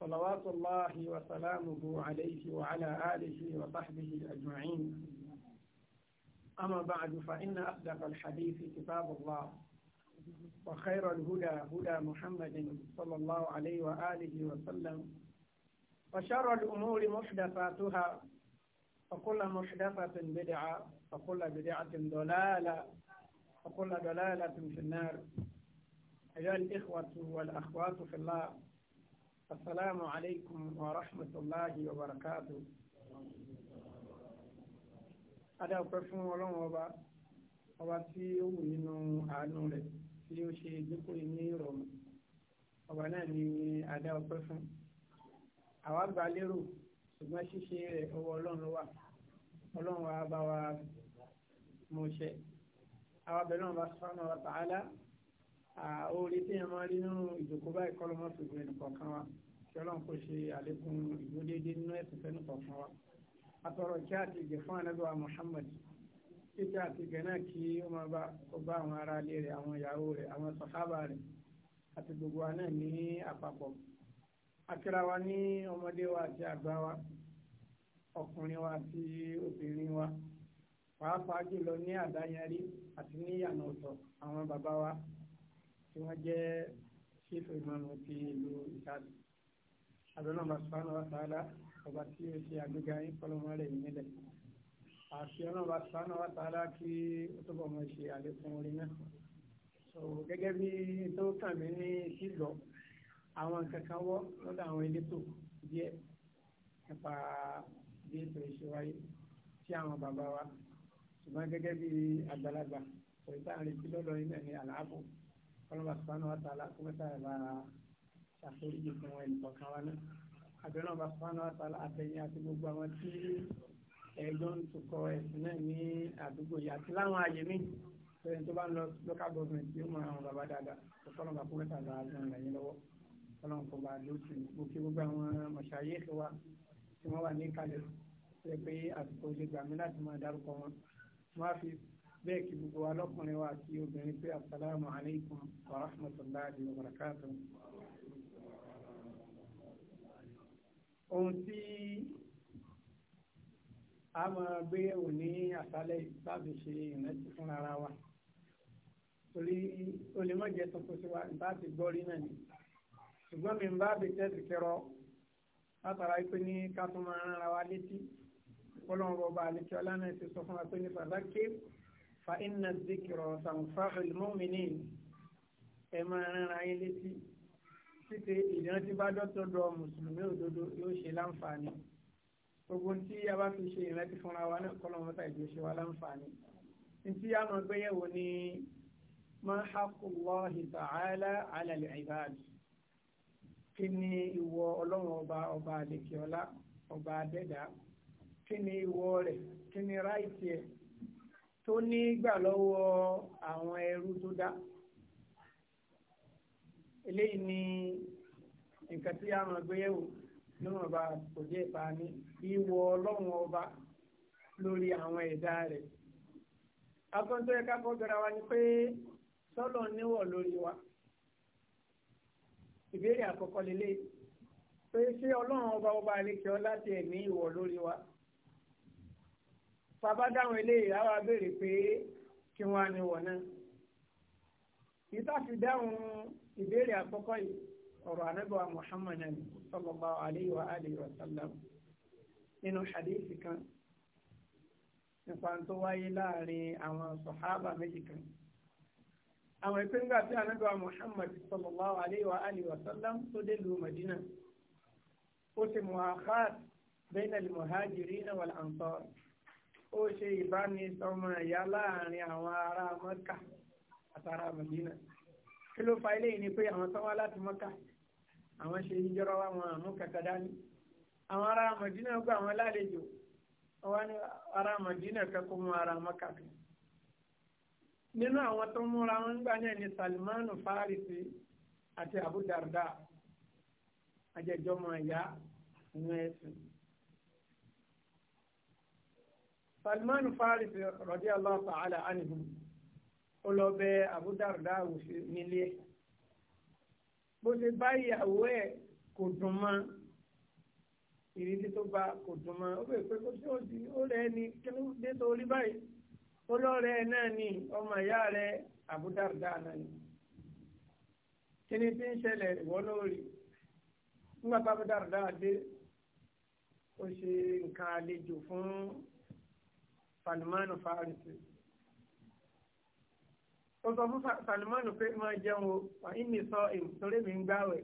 صلوات الله وسلامه عليه وعلى آله وصحبه أجمعين أما بعد فإن أصدق الحديث كتاب الله وخير الهدى هدى محمد صلى الله عليه وآله وسلم وشر الأمور محدثاتها وكل محدثة بدعة وكل بدعة ضلالة وكل ضلالة في النار أيها الإخوة والأخوات في الله السلام عليكم ورحمة الله وبركاته adáwọ̀pẹ́ fún ọlọ́run ọba ọba tí ó wù nínú àánú rẹ̀ tí ó ṣe dínkù ní ìrọ̀rùn ọba náà ni adáwọ̀pẹ́ fún àwa gba lérò ṣùgbọ́n ṣíṣe rẹ̀ ọwọ́ ọlọ́run ló wà ọlọ́run wa bá wa mú àwa bẹ̀rẹ̀ náà bá sọ́nà wa ta'ala orí tí yẹn máa rí nínú ìjòkó báyìí kọ́ ló mọ́ fi gbé nìkọ̀ọ̀kan wa kí ọlọ́run kò ṣe àlékún ìdúródéédé nínú ẹ̀sìn fẹ́ nìkọ̀ọ̀kan wa atọ̀rọ̀ kí àti ìgẹ̀ fún anábíwá Muhammad títí àti ìgẹ̀ náà kí ó máa bá kó bá àwọn ará ilé rẹ̀ àwọn ìyàwó rẹ̀ àwọn sàhábà rẹ̀ àti gbogbo wa náà ní àpapọ̀ akíra wa ní ọmọdé wa àti àgbà wa ọkùnrin wa àti obìnrin wa pàápàá jùlọ ní àdáyanrí àti níyànà ọ̀tọ̀ àwọn bàbá wa tí wọ́n jẹ́ ṣéfù ìmọ̀mù ti ìlú ìsàlẹ̀ àdúrà màsùlùmí wa sàálà ọba tí ó ṣe àgbéga yín fọlọ́mọ rẹ̀ yìí nílẹ̀ àti ọlọ́ba sàánà wa sàálà kí ó tó bọ̀ mọ́ ṣe àlékún orin náà so gẹ́gẹ́ bí tó kàn mí ní sílọ àwọn nǹkan kan wọ́ lọ́dọ̀ àwọn elétò díẹ̀ nípa bí ètò ìṣèwáyé tí àwọn bàbá wa ṣùgbọ́n gẹ́gẹ́ bí àgbàlagbà òyìnbá àrètí lọ́dọ̀ yín náà ní àlàáfò kọlọmọ sùpánù àtàlà kọmẹta ẹbá ṣàforíjì fún ẹnì kọ̀ọ̀kan wa náà àbẹ̀rẹ̀ ọba sùpánù àtàlà àtẹ̀yìn àti gbogbo àwọn tí ẹjọ́ ń tukọ̀ ẹ̀sìn náà ní àdúgbò yìí àti láwọn àyè mi sẹ́yìn tó bá ń lọ local government yóò mọ àwọn bàbá dáadáa kọlọmọ kọmẹta ẹbá gan ẹ̀yìn lọ́wọ́ kọlọmọ kọba lóṣù gbogbo àwọn bẹ́ẹ̀ kí gbogbo wa lọ́kùnrin wa àti obìnrin pé asalaamu alaykum wa rahmatulahi wa barakatuh. ohun tí a máa gbé yẹ̀wò ní àṣálẹ́ láti ṣe ìrántí fún ara wa torí o lè má jẹ́ tuntun sí wa nípa ti gbọ́ rí náà ni ṣùgbọ́n mi bá bẹ tẹ́sí kẹrọ látara pé ní ká tún máa rán ara wa létí kọ́lọ́run bọ̀ bá ọlá náà ti sọ fún wa pé ní fàdákẹ́ fa inna zikirọ̀ sanfàfil mu'minin ẹ máa rẹ́ra yín létí títí ìrántí bá dọ́tọ̀ dọ̀ mùsùlùmí òdodo yóò ṣe láǹfààní gbogbo tí a bá fi ṣe ìrántí fúnra wa náà kọ́ lọ́mọ́ta ìjọ ṣe wa láǹfààní ntí a máa gbéyẹ̀wò ní máa haqqullahi ta'ala 'ala al-'ibad kí ni ìwọ ọlọ́run ọba ọba àdèkè ọba àdẹ́dá kí ni ìwọ rẹ̀ kí ni ráìtì ẹ̀ tó ní gbà lọ́wọ́ àwọn ẹrú tó dá eléyìí ni nǹkan tí a máa gbéyẹ̀wò lọ́wọ́ ọba kò jẹ́ ìpani ìwọ ọlọ́run ọba lórí àwọn ẹ̀dá rẹ̀ akọ́ńtò ẹ̀ka kọ́gbẹ́ra wa ni pé sọ́lọ̀ níwọ̀ lórí wa ìbéèrè àkọ́kọ́ lélẹ́yìí pé ṣé ọlọ́run ọba ọba àlekè ọlá tiẹ̀ ní ìwọ̀ lórí wa bàbá dáhùn eléyìí àwa béèrè pé kí wọ́n á ní wọ̀ náà. ìta fi dáhùn ìbéèrè àkọ́kọ́ yìí ọ̀rọ̀ anábọ̀ Muhammad ali sallallahu alayhi wa alihi wa sallam nínú hadith kan nípa tó wáyé láàrin àwọn sọ̀hábà méjì kan àwọn ìpínlẹ̀ tí anábíwá muhammad sallallahu alayhi wa alihi tó dé lu madina ó ti muhakhat bainal muhajirin wal ansar ó ṣe ìbánisọmọ ẹ̀yà láàrin àwọn ará mọ́kà àtàrà mọ̀dínà kí ló fa eléyìí ni pé àwọn tó wá láti mọ́kà àwọn ṣe ìjọra wa wọn àmú kàkà dání àwọn ará mọ̀dínà gba àwọn lálejò wọn ní ará mọ̀dínà kẹ́kọ̀ọ́ mú ará mọ́kà kan nínú àwọn tó múra wọn gbà náà ni Salmanu Farisi àti Abu Darda àjẹjọmọ ẹ̀yà nínú ẹ̀sìn. Salman Faris radiyallahu ta'ala anhu ó lọ bẹ Abu Darda nílé bó ṣe bá ìyàwó ẹ̀ kò dùn mọ́ ìrírí tó bá kò dùn mọ́ ó bẹ̀ pé kó tí ó di ó rẹ̀ ni kí ló dé tó rí báyìí ó lọ́ọ̀rẹ́ náà ni ọmọ ìyá rẹ̀ Abu náà ni kí tí ń ṣẹlẹ̀ ìwọ lórí nígbà tá Abu dé ó ṣe nǹkan àlejò fún Salimanu Farisi ó sọ fún Salimanu pé máa jẹun o wà ní sọ èmi torí mi ń gbàwẹ̀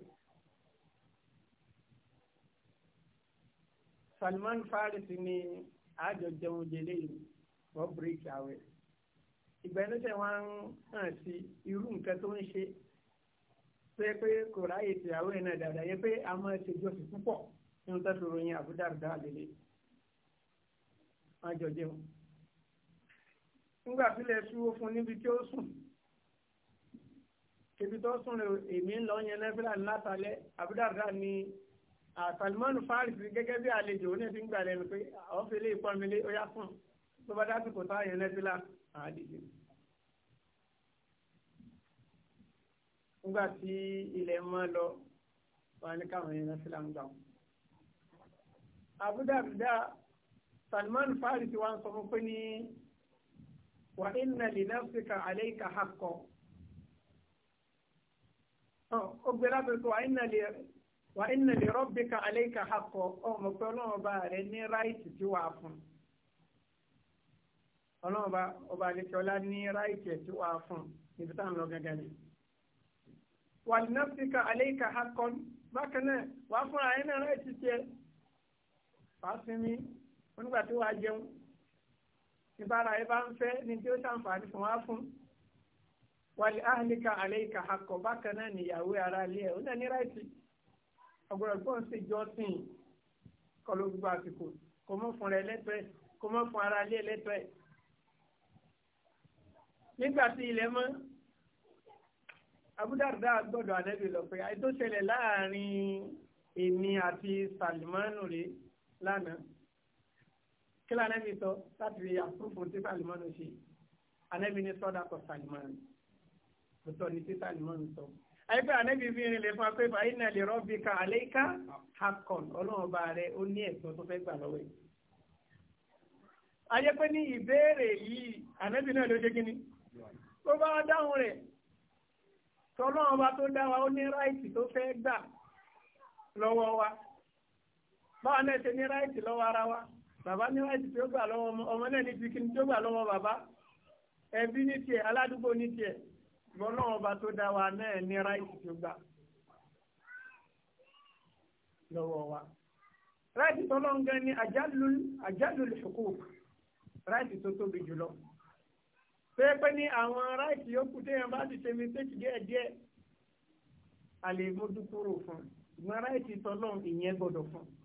Salimanu Farisi ni àjọ jẹun jẹlé yìí wọ́n bíríkì àwẹ̀ ìgbà ẹni tẹ wọn ń hàn sí irú nǹkan tó ń ṣe pé pé kò ráyè tìyàwó ẹ̀ náà dáadáa yẹ pé a máa ṣèjọsìn púpọ̀ nínú tó ròyìn àbúdàrúdà lélẹ̀ wọn jẹun nígbà tílẹ̀ ṣúwó fún níbi tí ó sùn ibi tó sùn rẹ̀ èmi ń lọ yẹn nẹ́fílà látàlẹ́ àbúdàdà ni àtàlùmọ́nù fáàrìs gẹ́gẹ́ bí àlejò ó ní ti ń gbà lẹ́nu pé ọ̀fẹ́ ilé ìpọ́nmilé ó yá fún tó bá dásìkò tá yẹn nẹ́fílà àdìjì. nígbà tí ilẹ̀ mọ́ lọ wà ní káwọn yẹn nẹ́fílà ń gbà wọn. àbúdàdà Salman Fáàrìs wa ń sọ fún pé ní. wa inna li nafsika alayka haqqan o oh, gbé lábẹ́ wa wà inna li rabbika alayka O ọmọ pé ọlọ́run ọba rẹ ní ráìtì tí wàá fún ọlọ́run ọba ọba àlekẹ́ọ́lá ní ráìtì tí wàá fún níbi táwọn lọ gángan ni wà li nafsika alayka haqqan bákan náà wàá fúnra ẹ̀ náà ráìtì tiẹ̀ wàá sinmi onígbà tí wàá jẹun. ìbára ẹ bá ń fẹ́ ni tí ó ṣàǹfààní fún wa fún wàlẹ ahlika aleika akọ bákan náà níyàwó ara ilé ẹ ó náà ní ráìtì ọgbọrọ gbọ́n ṣe jọ sìn kọlu gbogbo àsìkò kò mọ fúnra ẹ lẹ́tọ̀ọ́ ẹ kò mọ fún ara ilé lẹ́tọ̀ọ́ ẹ nígbà tí ilẹ̀ mọ́ abúdàdà gbọ́dọ̀ ànẹ́bí lọ pé àìtó ṣẹlẹ̀ láàrin èmi àti salimanu rè lánàá kí lóò anábì sọ láti fi àpòfò tí Salimanu ṣe anábì ní sọdá kọ Salimanu lótọ́ ni tí Salimanu sọ. àyẹ̀fẹ́ anábì fi rìn lè fún akpé fà iná lè rọ́bì ká àlééká hakọ̀n ọlọ́run bá rẹ ó ní ẹ̀sọ́ tó fẹ́ gbà lọ́wọ́ yìí. àyẹ̀fẹ́ ní ìbéèrè yìí anábì náà ló ṣe kí ni tó bá dáhùn rẹ̀ tọ́lọ́run bá tó dá wa ó ní ráìtì tó fẹ́ gbà lọ́wọ́ wa báwa náà ṣe ní ráìtì lọ́wọ́ ara wa bàbá ní wáìtì tí ó gbà lọ́wọ́ ọmọ náà ní ti kí ni tí ó gbà lọ́wọ́ bàbá ẹbí ní tiẹ̀ aládùúgbò ní tiẹ̀ ṣùgbọ́n náà ọba tó dá wa náà ní ráìtì tí ó gbà lọ́wọ́ wa ráìtì tó lọ́ngàn ní àjálù huquq ráìtì tó tóbi jùlọ pépé ní àwọn ráìtì yòókù téèyàn bá ti ṣe mi tẹ́tì díẹ̀díẹ̀ àlè mójúkúrò fún ìgbọ́n ráìtì tọ́lọ́ ìyẹn gbọ́dọ̀ fún un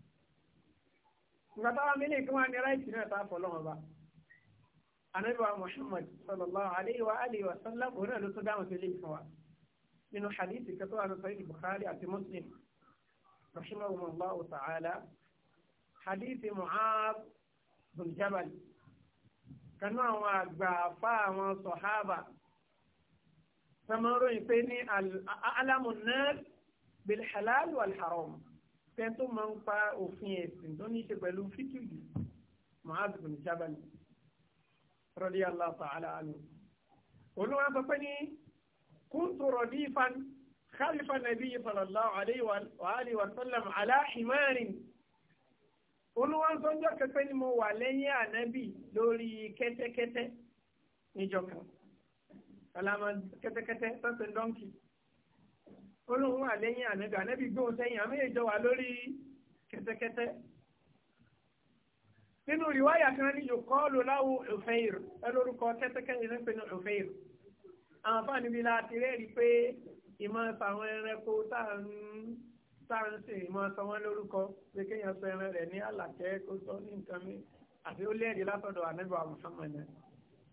gbàtàwà mi nìkan wà ní ráìtì náà tá fọlọ́wọ́n bá anabi wa muhammad sallallahu alayhi wa alihi wa sallam òun náà ló tún dáhùn sí ilé ìfún wa nínú hadithi kan tó wà ní sahih bukhari àti muslim rahimahumullah ta'ala hadithi mu'adh bin jabal kanú àwọn àgbà afá àwọn sọ̀hábà sọmọ́ròyìn pé ní alamun nas bil halal wal haram ẹni tó máa ń pa òfin ẹ̀sìn tó ní í ṣe pẹ̀lú fíkìlì Mu'adh bin Jabal radiyallahu ta'ala anhu olúwa sọ pé ní kuntu radifan khalifa nabiyyi sallallahu alayhi wa alihi wa sallam ala himarin olúwa sọ jọ kẹfẹ́ ni mo wà lẹ́yìn ànábì lórí kẹ́tẹ́kẹ́tẹ́ níjọ kan kẹ́tẹ́kẹ́tẹ́ tó ń olóhùn wà lẹ́yìn ànábì ànábì gbóhùn sẹ́yìn àmì ìjọ wà lórí kẹtẹkẹtẹ nínú rìwáyà kan ní yòókọ́ lóláwò òfẹ́yìr ẹlórúkọ kẹtẹkẹtẹ ní pẹ̀lú òfẹ́yìr àwọn fáànù bíi láti rẹ́ẹ̀rí pé ìmọ̀ sàwọn ẹranko tá à ń sè ìmọ̀ sọ wọn lórúkọ pé kéèyàn sọ ẹran rẹ̀ ní àlàkẹ́ kó sọ ní nǹkan mi àti ó lẹ́ẹ̀rí látọ̀dọ̀ ànábì wa Muhammad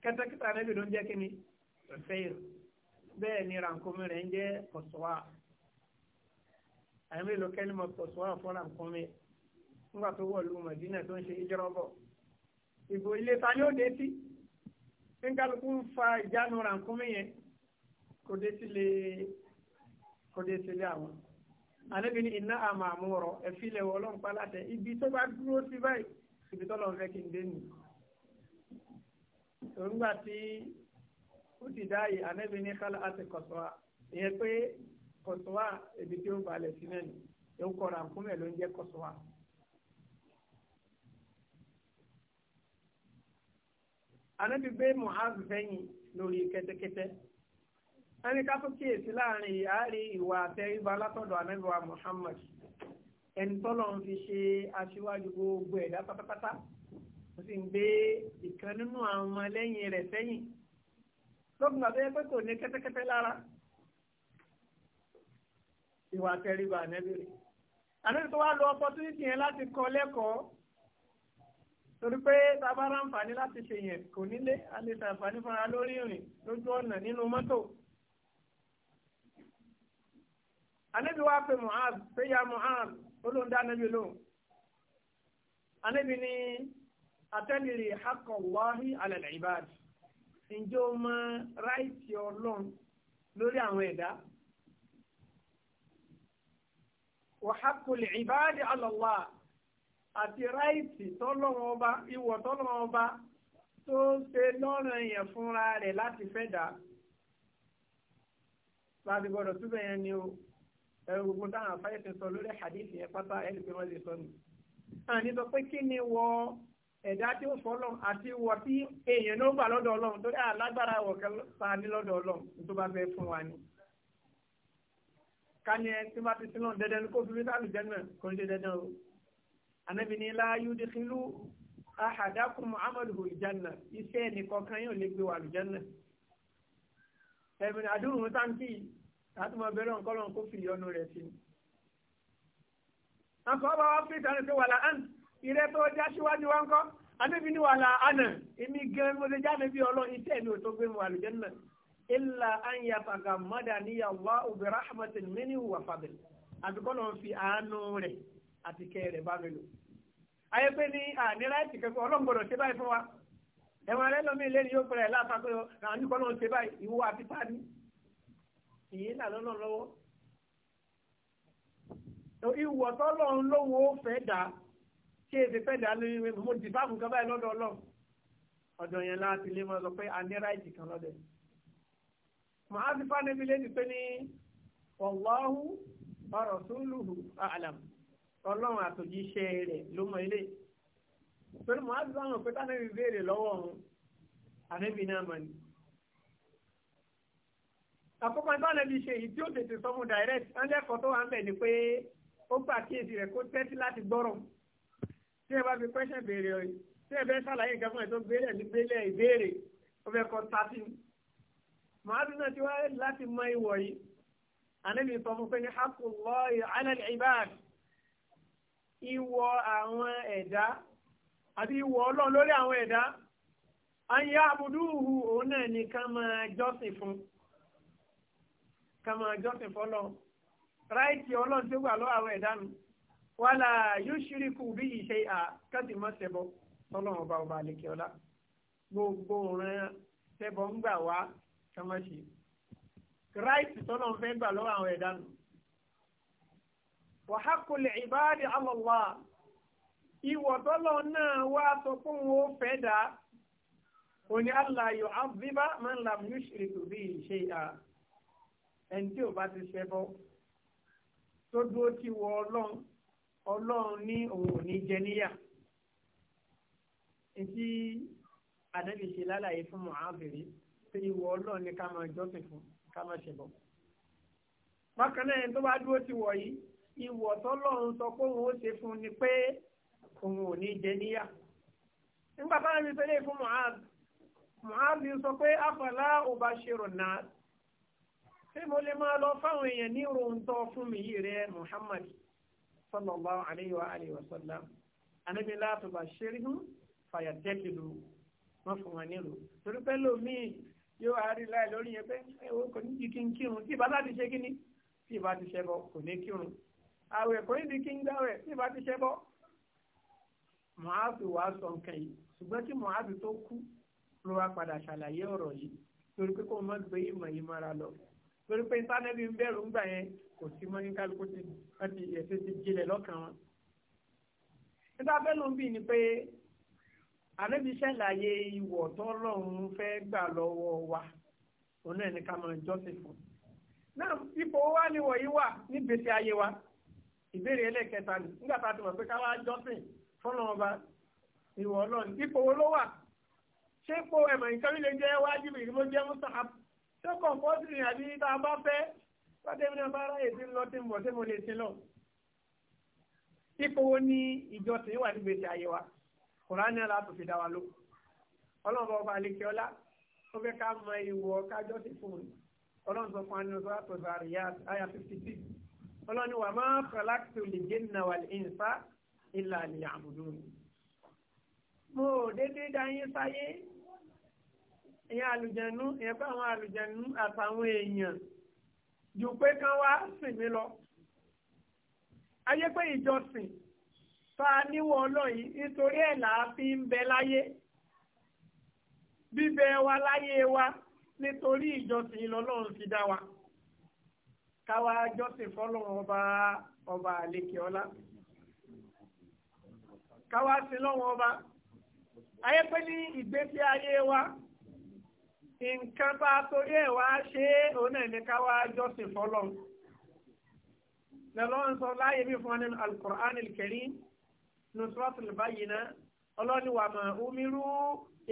kẹtẹkẹtẹ àyẹ̀mí ló kẹ́lí mọ̀ pọ̀sùn wà fúnra nǹkan mi nígbà tó wọ̀ lu mọ̀dínà tó ń ṣe ìjọ́rọ̀bọ̀ ìbò ilé ta ni ó dé sí nígbàlùkù ń fa ìjánu rànkúnmí yẹn kò dé sílé kò dé sílé àwọn àlébi ní iná àmà àmúrọ ẹfílẹ̀ ọlọ́run palátẹ ibi tó bá dúró sí báyìí ibi tó lọ́n fẹ́ kí n dé nì. òǹgbà tí ó ti dá yìí àlébi ní kálá àti kọ̀sọ́ ìyẹn pé kọ̀sọ̀wá ibi tí ó balẹ̀ sí náà ni yóò kọ́ra nkúmẹ̀ ló ń jẹ́ kọ̀sọ̀wá. Ànábì gbé Mu'az sẹ́yìn lórí kẹ́tẹ́kẹ́tẹ́. Wọ́n ká tó kíyèsí láàrin ìyáàrí ìwà àtẹríba látọ̀dọ̀ Ànábì wa Muhammad. Ẹni tọ́lọ̀ ń fi ṣe aṣíwájú gbogbo ẹ̀dá pátápátá. Ó sì ń gbé ìkan nínú àwọn ọmọ lẹ́yìn rẹ̀ sẹ́yìn. Lọ́gbọ̀n àbẹ́yẹ pé kò ní kẹ́tẹ́kẹ́tẹ́ lára ìwà tẹríba ànẹ́bí rẹ̀ ànẹ́bí tó wá lo opportunity yẹn láti kọ́ lẹ́kọ̀ọ́ torí pé tábára àǹfààní láti ṣe yẹn kò nílé a lè ṣàǹfààní fúnra lórí ìrìn lójú ọ̀nà nínú mọ́tò. ànẹ́bí wá pe Mu'az pé ya Mu'az olóńdá ànẹ́bí lóhùn ànẹ́bí ní atẹ́lẹ̀rẹ̀ hakọ̀wáhí alẹ́lẹ̀ ìbáàdì ǹjẹ́ o mọ ráìtì ọlọ́run lórí àwọn ẹ̀dá وحق العباد على الله àti ráìtì tọ́lọ́wọ́n ọba ìwọ̀ tọ́lọ́wọ́n ọba tó ṣe lọ́rùn èèyàn fúnra rẹ̀ láti fẹ́ dà láti gbọ́dọ̀ túbẹ̀ yẹn ni o ẹ̀rù gbogbo táwọn afáyé ti sọ lórí hadith yẹn pátá ẹ̀rù pé wọ́n lè sọ nù. àní sọ pé kí ni wọ ẹ̀dá tí ó fọlọ́ àti wọ tí èèyàn ló gbà lọ́dọ̀ ọlọ́run torí alágbára wọ̀ kẹ́lá ní lọ́dọ̀ ọlọ́run tó bá fẹ́ fún wa ni kani ẹ tí wọ́n ti sinú dẹ́dẹ́ ní kó fi wíta lù jẹ́nu kò ní ṣe dẹ́dẹ́ o. anabi ni la yudkhilu ahadakum amaluhu aljanna iṣẹ́ nìkan kan yóò lè gbé wa lù jẹ́nu. ẹ̀mìn àdúrà wọn táǹkì láti mọ bẹ́rẹ̀ nǹkan lọ́n kó fi ìyọnu rẹ̀ sí. àkọ́ bá wá fi ìtàn pé wàlà án ìrẹ́ tó já síwájú wa ń kọ́ wàlà ánà èmi gan mo ti jáde bí ọlọ́ iṣẹ́ mi ò tó gbé mi wà lù jẹ́nu illa ànyà fàgà mọ́dà níyà wá rahmatin minhu wà fàbẹ̀ àti fi àánú rẹ̀ àti kẹ́ rẹ̀ bá mi lò. ayé pé ní wa ni yóò pẹ̀lẹ́ látàkọ́ àwọn nípa náà ṣe báyìí na àti tani ìyí là lọ́nà lọ́wọ́. ìwọ̀ tọ́lọ́run lówó fẹ́ dà mo màá fi fánẹ́bí lẹ́nu pé ní wallahu wa rasuluhu a'lam ọlọ́run àtòjíṣẹ́ rẹ̀ ló mọ ilé pẹ̀lú màá fi fánẹ́bí pé tánẹ́bí béèrè lọ́wọ́ ọ̀hún ànẹ́bí náà mọ̀ ni. àkókò ìbánẹ́bí ṣe èyí tí ó tètè sọmú direct ẹ̀ńdẹ́kọ̀ tó wà ń bẹ̀ ni pé ó gbà kíyèsí rẹ̀ kó tẹ́tí láti gbọ́rọ̀ tí ẹ bá fi pẹ́ṣẹ̀ béèrè ọ̀yìn tí ẹ bẹ́ sàlàyé nǹkan fún tó gbélé ìbéèrè ó fẹ́ kọ́ màálù náà ti lati ma mọ ìwọ̀ yìí ànábì sọ fún ala al-ibad ìwọ àwọn ẹ̀dá àti ìwọ lori lórí àwọn ẹ̀dá ayé àbùdúhù òun náà ni ká máa jọ́sìn fún ká máa jọ́sìn fún ọlọ́run ráìtì ọlọ́run tó gbà lọ́wọ́ àwọn ẹ̀dá nu wàlà yushriku bihi shay'a kásì mọ́ sẹ́bọ̀ ọba ọba gbogbo ń ká má ṣe kíráìtì tọ́lọ́ fẹ́ gbà lọ́wọ́ àwọn ẹ̀dá nù. wa haqqul ibadi ala Allah ìwọ̀ tọ́lọ́ náà wá sọ fún wọn ó fẹ́ dá òní Allah yu'adhiba man lam yushrik bihi shay'a ẹni tí ò bá ti ṣẹ bọ́ tó dúró ti wọ ọlọ́run ọlọ́run ní òun ò ní jẹ níyà etí ànábì lálàyé fún mọ̀hábìrì pé ìwọ ọlọ́run ni ká máa jọ́sìn fún ká máa ṣe bọ̀. bákan náà tó bá dúró ti wọ̀ yìí ìwọ̀ tọ́lọ́run sọ pé òun ó ṣe fún ni pé òun ò ní jẹ Mu'az Mu'az sọ pé àfàlà ṣe ṣé mo lè máa lọ fáwọn èèyàn ní ròǹtọ́ fún mi yìí Muhammad wa wọ́n fún nílò torí yóò wá rí láì lórí yẹn pé kò ní di kí n kírun tí ìbá láti ṣe kí ni tí ìbá ti ṣẹbọ kò ní kírun àwẹ̀ kò ní di kí n gbàwẹ̀ tí ìbá ti ṣẹbọ. Mùhàbù wàá sọ nǹkan yìí ṣùgbọ́n tí Mùhàbù tó kú ló wá padà ṣàlàyé ọ̀rọ̀ yìí torí pé kó o má gbé ìmọ̀ yìí mọ́ra lọ torí pé sánẹ́bí ń bẹ̀rù ń gbà yẹn kò sí mọ́ ní kálukú ti ẹ̀sìn ti jinlẹ̀ lọ́kàn wọn. nígbà ń bì ní pé ànábi ṣàlàyé ìwọ̀ tọ́lọ́run fẹ́ gbà lọ́wọ́ wa òun náà ní ká máa jọ́sìn fún náà ipò wa ni wọ̀nyí wà nígbèsè ayé wa ìbéèrè ẹlẹ́kẹta ni nígbà tá a ti mọ̀ pé ká wá jọ́sìn fọ́nà ọba ìwọ̀ ọlọ́run ipò wo ló wà ṣé kó ẹ̀mọ̀ nǹkan líle jẹ́ wájú mi ló jẹ́ mustahab ṣé kọ̀ǹpọ́sì ni àbí tá a bá fẹ́ lọ́dẹ̀ mi náà bá ráyè tí ń lọ tí ń bọ̀ tí mo lè ti lọ. ipò wo ni ìjọsìn wà nígbèsè ayé wa kùránì aláàtò fi dá wa ló ọlọ́run bá ọba àlekíọ́lá ó fẹ́ ká mọ ìwọ kájọ́ sí fún un ọlọ́run sọ fún anínú sọ́wọ́ àtọ̀sọ àríyá àyà fifty six ọlọ́run ni wà máa kọ̀láàtì al-jinna wal-insa illa liya'budun. mo dédé dá yín sáyé ìyẹn àlùjẹ̀nu ìyẹn pé àwọn àlùjẹ̀nu àtàwọn èèyàn jù pé kán wá sìn mí lọ. ayé pé ìjọsìn fa níwọ ọlọ́yìn nítorí ẹ̀ là á fi ń bẹ láyé bíbẹ wa láyé wa nítorí ìjọsìn lọ́lọ́run fi dá wa káwa jọ́sìn fọ́lọ́run ọba ọba àlekè ọlá káwa sí lọ́wọ́ ọba ayé pé ní ìgbésí ayé wa nǹkan bá torí ẹ̀ wá ṣe é òun náà ní káwa jọ́sìn fọ́lọ́run lọ́lọ́run sọ láyé mi fún wa nínú alukur'an kẹrin nusratul bayyina ọlọ́ni wà mà umiru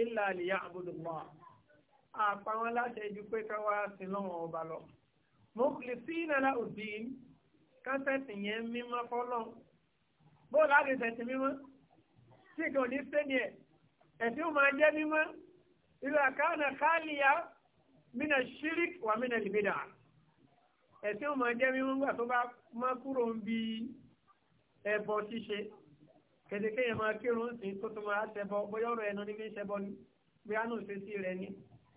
illa liya'budullah àpá wọn láti ẹjú pé ká wá sí lọ́wọ́ ọba lọ. mukhlisina lahu ddin kásẹ̀tì yẹn mímọ́ fọ́lọ́ bó láti sẹ̀tì mímọ́ tí kò ní sẹ́ni ẹ̀ ẹ̀tí ó máa jẹ́ mímọ́ ìlú àkáànà káàlìyà mínà ṣírík wà mínà lìbídà ẹ̀tí ó máa jẹ́ mímọ́ nígbà tó bá má kúrò ń bi ẹbọ ṣíṣe kẹ̀dẹ̀kẹ́ yẹn máa kírun sí kó tó máa ṣẹbọ bóyá ọ̀rọ̀ ẹnu ní fi ń ṣẹbọ ni bóyá nù ṣe sí rẹ ni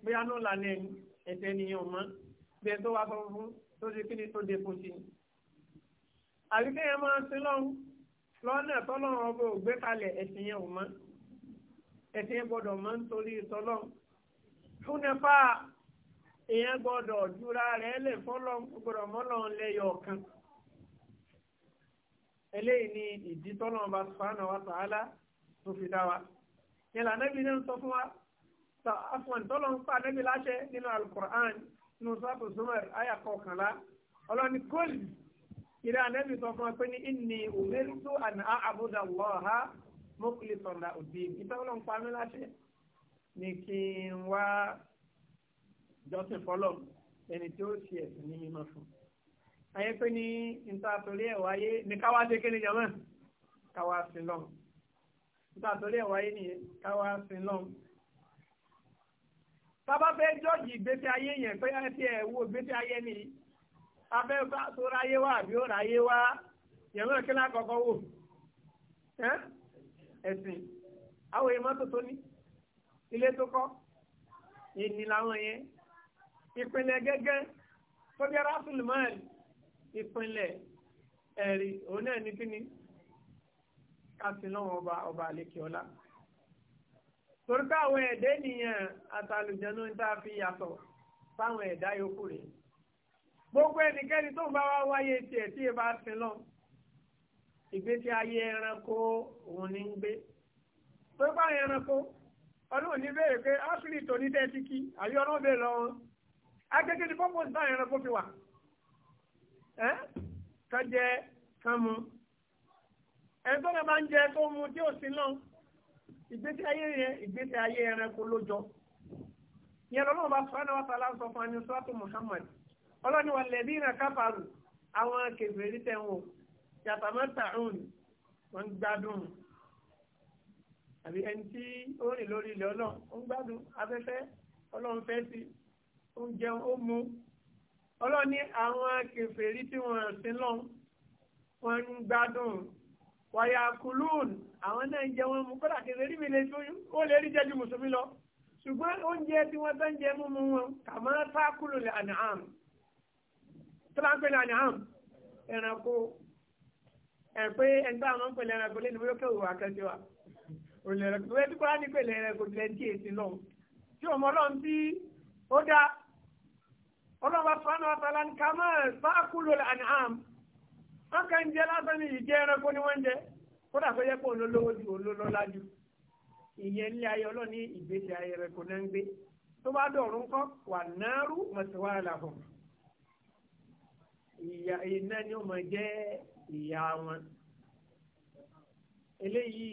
bóyá nù lànà ẹni ẹ̀tẹ̀ ènìyàn mọ́ bí ẹni tó wá fọwọ́ fún tó ṣe kí ni tó depo sí ni. àbíkẹ́ yẹn máa sin lọ́hùn lọ́nà tọ́lọ́run ọba ò gbé kalẹ̀ ẹ̀sìn yẹn ò mọ́ ẹ̀sìn yẹn gbọ́dọ̀ mọ́ nítorí tọ́lọ́run fún nípa eléyìí ni ìdí tọ́nà ọba sùfàánà wa tààlà tó fi dá wa ìlànà anábì náà sọ fún wa afọ̀n tọ́lọ̀ ń pa anábì láṣẹ nínú alukur'an nínú sọ́ọ̀tù zumar aya kọkànlá ọlọ́ni kọ́lì ìdá anábì sọ fún wa pé ní inni umirtu an a'buda Allaha mukhlisan lahu ad-din ìtọ́lọ̀ ń pa mí láṣẹ ní kí n wá jọ́sìn fọlọ́ ẹni tí ó ṣe ẹ̀sìn ní mímọ́ fún un ayé pé ní níta torí ẹ̀ wáyé ní káwá ṣe kéde jọmọ́ káwá sí lọ́n níta torí ẹ̀ wáyé nìyẹn káwá sí lọ́n. sábà fẹ́ jọ́ọ̀jì ìgbésí ayé yẹn pé ẹ ẹ̀ wo ìgbésí ayé ni abẹ́ tó ráyé wá àbí ó ráyé wá yẹ̀mọ́ kí lá kọ́kọ́ wò ẹ̀sìn àwọn èèyàn mọ́tò tó ní ilé tó kọ́ ìní làwọn yẹn ìpínlẹ̀ gẹ́gẹ́ tó jẹ́ rásùlùmọ́ọ̀lì ìpínlẹ̀ ẹ̀rí òun náà ní kíni kásìn lọ́wọ́ ọba ọba àlekè ọlá torí pé àwọn ẹ̀dá ènìyàn àtàlùjẹnu ń tá a fi yàtọ̀ fáwọn ẹ̀dá yòókù rẹ̀ gbogbo ẹnikẹ́ni tó ń bá wá wáyé tiẹ̀ tí ẹ bá sin lọ ìgbésí ayé ẹranko òun ní ń gbé torí pé àwọn ẹranko ọdún òní béèrè pé áfírí tòní tẹ́tí kí àbí ọdún béèrè lọ́wọ́ akékeré pọ́pọ́sì táwọn ẹranko fi wà ẹ́ ká jẹ ká mu ẹni tó bá ń jẹ tó mu tí ò sí náà ìgbésí ayé yẹn ìgbésí ayé ẹranko ló jọ yẹn lọ́wọ́ bá sọ́nà wàtà aláǹsọ fún ẹni sọ́tò Muhammad ọlọ́ni wà lẹ́bí iná káfàrù àwọn kèfèrí tẹ̀wọ̀n yàtọ̀ mẹ́ta ọ̀hún wọ́n gbádùn àbí ẹni tí ó rìn lórí ilẹ̀ ọlọ́run ó ń gbádùn afẹ́fẹ́ ọlọ́run fẹ́ sí ó ń jẹun ó mu ọlọ́ni àwọn kèfèrí tí wọ́n sin lọ wọ́n ń gbádùn wàyà kùlùún àwọn náà ń jẹ wọn mú kọ́dà kèfèrí mi lè tó ó lè rí jẹ́jú mùsùlùmí lọ ṣùgbọ́n oúnjẹ tí wọ́n tán jẹ múmu wọn kà máa tá kúlù lè ànàám tó bá ń pè ẹ̀pẹ́ ẹgbẹ́ àwọn pèlè ẹranko lẹ́nu wíwọ́ kẹwò àkẹ́sí wa òlẹ̀rẹ̀kọ́ wẹ́ẹ́ ọlọ́wọ́ sọ́nà ọ̀tàlá ní kàmá sáàkúlò àníhàm wọ́n kàn jẹ́ lásán ní ìjẹ́ ẹranko ni wọ́n jẹ́ kódà tó yẹ pé olólówó ju olólọ́lá ju ìyẹn ilé ayé ọlọ́ni ìgbésí ayé ẹranko náà ń gbé tó bá dọ̀rùn kọ́ wà náírù mọ̀síwá làhùn ìyá iná ni ó máa jẹ́ ìyá wọn eléyìí